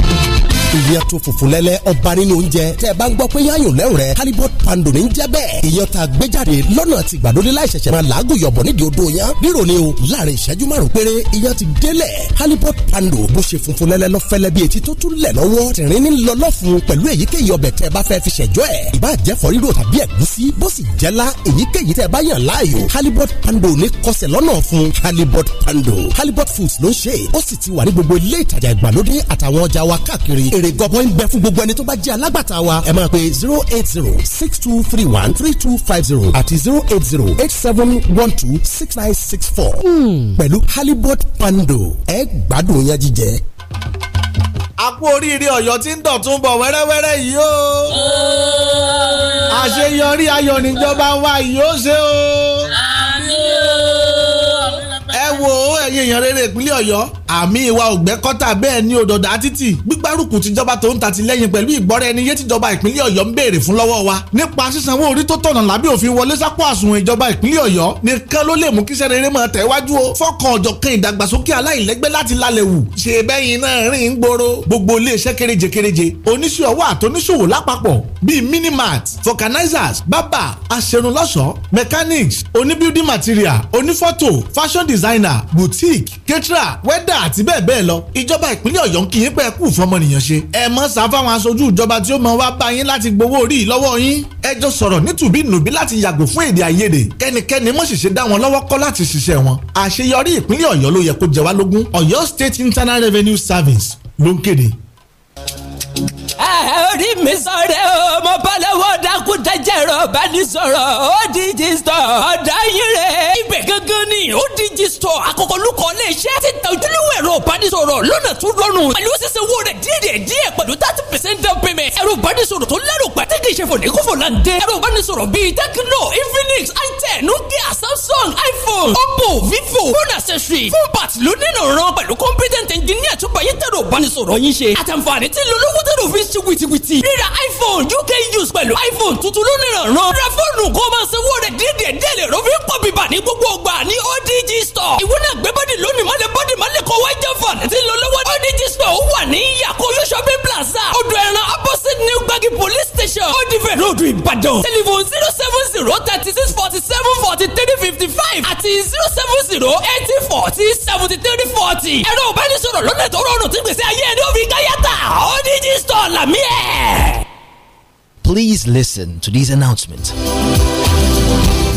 ìyẹn tó funfun lẹ́lẹ́ ọba nínú oúnjẹ tẹ́ ẹ bá ń gbọ́ pé yáyùn lẹ́rù rẹ̀ halibut pando ní jẹ́ bẹ́ẹ̀ ìyẹn tá a gbé jáde lọ́nà àti ìgbàlódé láìṣẹ̀ṣẹ̀ máa làágùn yọ̀bọ̀ nídìí odò yẹn rírò ni o láàrin ìṣẹ́jú márùn péré ìyẹn ti délẹ̀ halibut pando bó ṣe funfun lẹ́lẹ́ lọ́fẹ́lẹ́ bí etí tó tún lẹ̀ lọ́wọ́ tìrín ní lọ́lọ́fun pẹ̀lú èyíkéyìí ọbẹ̀ tẹ́ ẹ bá fẹ́ fi ṣẹ̀jọ́ ẹ̀ ìbá jẹ́ fọ èrè gọbọi ń bẹ fún gbogbo ẹni tó bá jẹ́ alágbàtà wa ẹ máa pe zero eight zero six two three one three two five zero àti zero eight zero eight seven one two six nine six four hmm. pẹ̀lú halibut pando ẹ gbádùn yẹn jíjẹ. a kú oríire ọ̀yọ́ tí ń dọ̀tún bọ̀ wẹ́rẹ́wẹ́rẹ́ yìí o. àṣeyọrí ayọ̀ níjọba wa yìí ó ṣe o. ẹ wò ó ẹ̀yin èèyàn rere ìpínlẹ̀ ọ̀yọ́ àmì ìwà ògbẹ́kọ́tà bẹ́ẹ̀ ni òdòdà títì gbígbárùkù tìjọba tó ń tàtìlẹ́yìn pẹ̀lú ìgbọ́ra ẹni yé tìjọba ìpínlẹ̀ ọ̀yọ́ ń béèrè fún lọ́wọ́ wa nípa sísanwó orí tó tọ̀nà lábẹ́ òfin wọlé sápò àsùnwọ̀n ìjọba ìpínlẹ̀ ọ̀yọ́ nìkan ló lè mú kíṣẹ́ rere máa tẹ̀ wájú o fọ́kàn ọ̀jọ̀kan ìdàgbàsókè aláìlẹ́gbẹ́ láti lálẹ́ wù ṣe bẹ́yìn náà rìn gbòòrò gbogbo iléeṣẹ́ kéréje kéréje oníṣòwò àtòníṣòwò lápapọ̀ bíi minimart vulcanizers bábà aṣerunlọ́ṣọ́ mechanics oníbuilding material fashion designer boutique boutique caterer wẹ́dà àti bẹ́ẹ̀ bẹ́ẹ̀ lọ ìjọba ìpínlẹ̀ ọ̀yọ́ ń kíyìn pẹ́ kú fọmọnìyàn ṣe ẹ mọ̀ sá fáwọn aṣojú ìjọba tí ó mọ wá bá yín láti gbowó orí lọ́wọ́ yín ẹ jọ sọ̀rọ̀ nítùbí nùbí láti yàgò fún èdè àìyedè kẹ́nikẹ́ni mọ̀ ṣẹ̀ṣẹ̀ dá wọn lọ́wọ́ kọ́ láti ṣiṣẹ́ wọn àṣeyọrí ìpínlẹ̀ ọ̀yọ́ ló yẹ state internal revenue service ló orí mi sọ̀rẹ́ o mo bá lọ́wọ́ dákútẹ́jẹ̀rọ̀ bá ní sọ̀rọ̀ ó díjì sọ rẹ̀ ibẹ̀ gangan ni ó store àkọkọlùkọ ilé iṣẹ́ ti ta ojúlówó ẹ̀rọ ìbánisọ̀rọ̀ lọ́nà tó rọrùn pẹ̀lú sísan wo rẹ̀ díẹ̀ díẹ̀ pẹ̀lú thirty percent down payment ẹ̀rọ ìbánisọ̀rọ̀ tó lẹ́rù pẹ́tẹ́ kì í ṣe fòní kófò láǹdé ẹ̀rọ ìbánisọ̀rọ̀ bíi Tecno Infinix itel Nokia Samsung iPhone Oppo Vivo phone accessory phone part ló nínú ran pẹ̀lú competent engineer tó báyé tẹ̀rọ ìbánisọ̀rọ̀ yín ṣe àtàǹfààní tí lolówó tẹ̀rọ fi ṣe wìtìwìtì ríra iPhone UK use pẹ̀lú iPhone tuntun ló nínú ran ra fóònù kó máa sanwó rẹ̀ díẹ̀ díẹ̀ lè rọ́ fi pọ̀ bíbà ní gbogbo ọgbà ní ODG store sọ. gbé bọ́dì lónìí bọ́dì kọ́ ti lọ lọ́wọ́. ó wà ní plaza. odò ẹran opposite new gbagi police station. ìbàdàn. telephone zero seven zero thirty six forty seven forty three fifty five àti zero seven zero eighty forty seventy three forty. ẹ̀rọ ìbánisọ̀rọ̀ lọ́nà tó rọrùn tí gbèsè ayé ẹni ó fi làmí ẹ̀. Please listen to these announcements.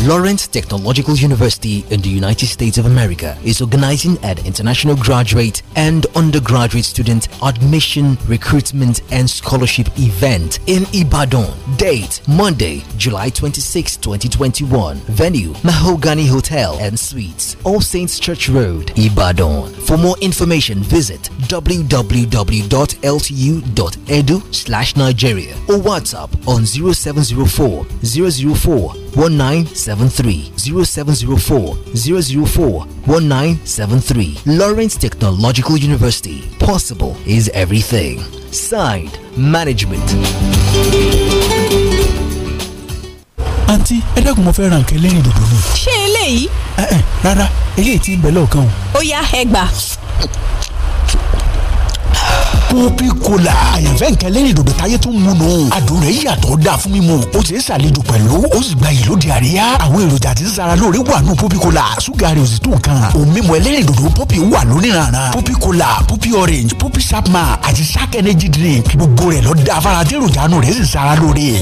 Lawrence Technological University in the United States of America is organizing an international graduate and undergraduate student admission, recruitment, and scholarship event in Ibadan. Date Monday, July 26, 2021. Venue Mahogany Hotel and Suites, All Saints Church Road, Ibadan. For more information, visit www.ltu.edu/nigeria or WhatsApp on 0704 004 19 1973 0704 004 1973. Lawrence Technological University. Possible is everything. Signed, Management. àǹtí ẹ dẹ́kun mo fẹ́ ra nǹkan lẹ́yìn dòdò ni. ṣé eléyìí. ẹ eh, ẹ eh, rárá eléyìí ti ń bẹ lọ́ọ̀kan o. ó yá ẹ kópí kola àyànfẹ́ nǹkan lẹ́yìn dòdò táyé tó ń múnú adùn rẹ̀ yàtọ̀ dáa fún mímu ó ṣe é ṣàlejò pẹ̀lú ó sì gba ìlú di àríyá àwọn èròjà tí ń sara lóore wà nù pópí kola ṣúgà rẹ̀ ò sì tó nǹkan òun mímu ẹlẹ́rìn dòdò pópí wà lóníranran pópí kola pópí orange pópí sapma àti shark energy drink gbogbo rẹ̀ ló dáa fara tí èròjà nù rẹ̀ sì sara lóore.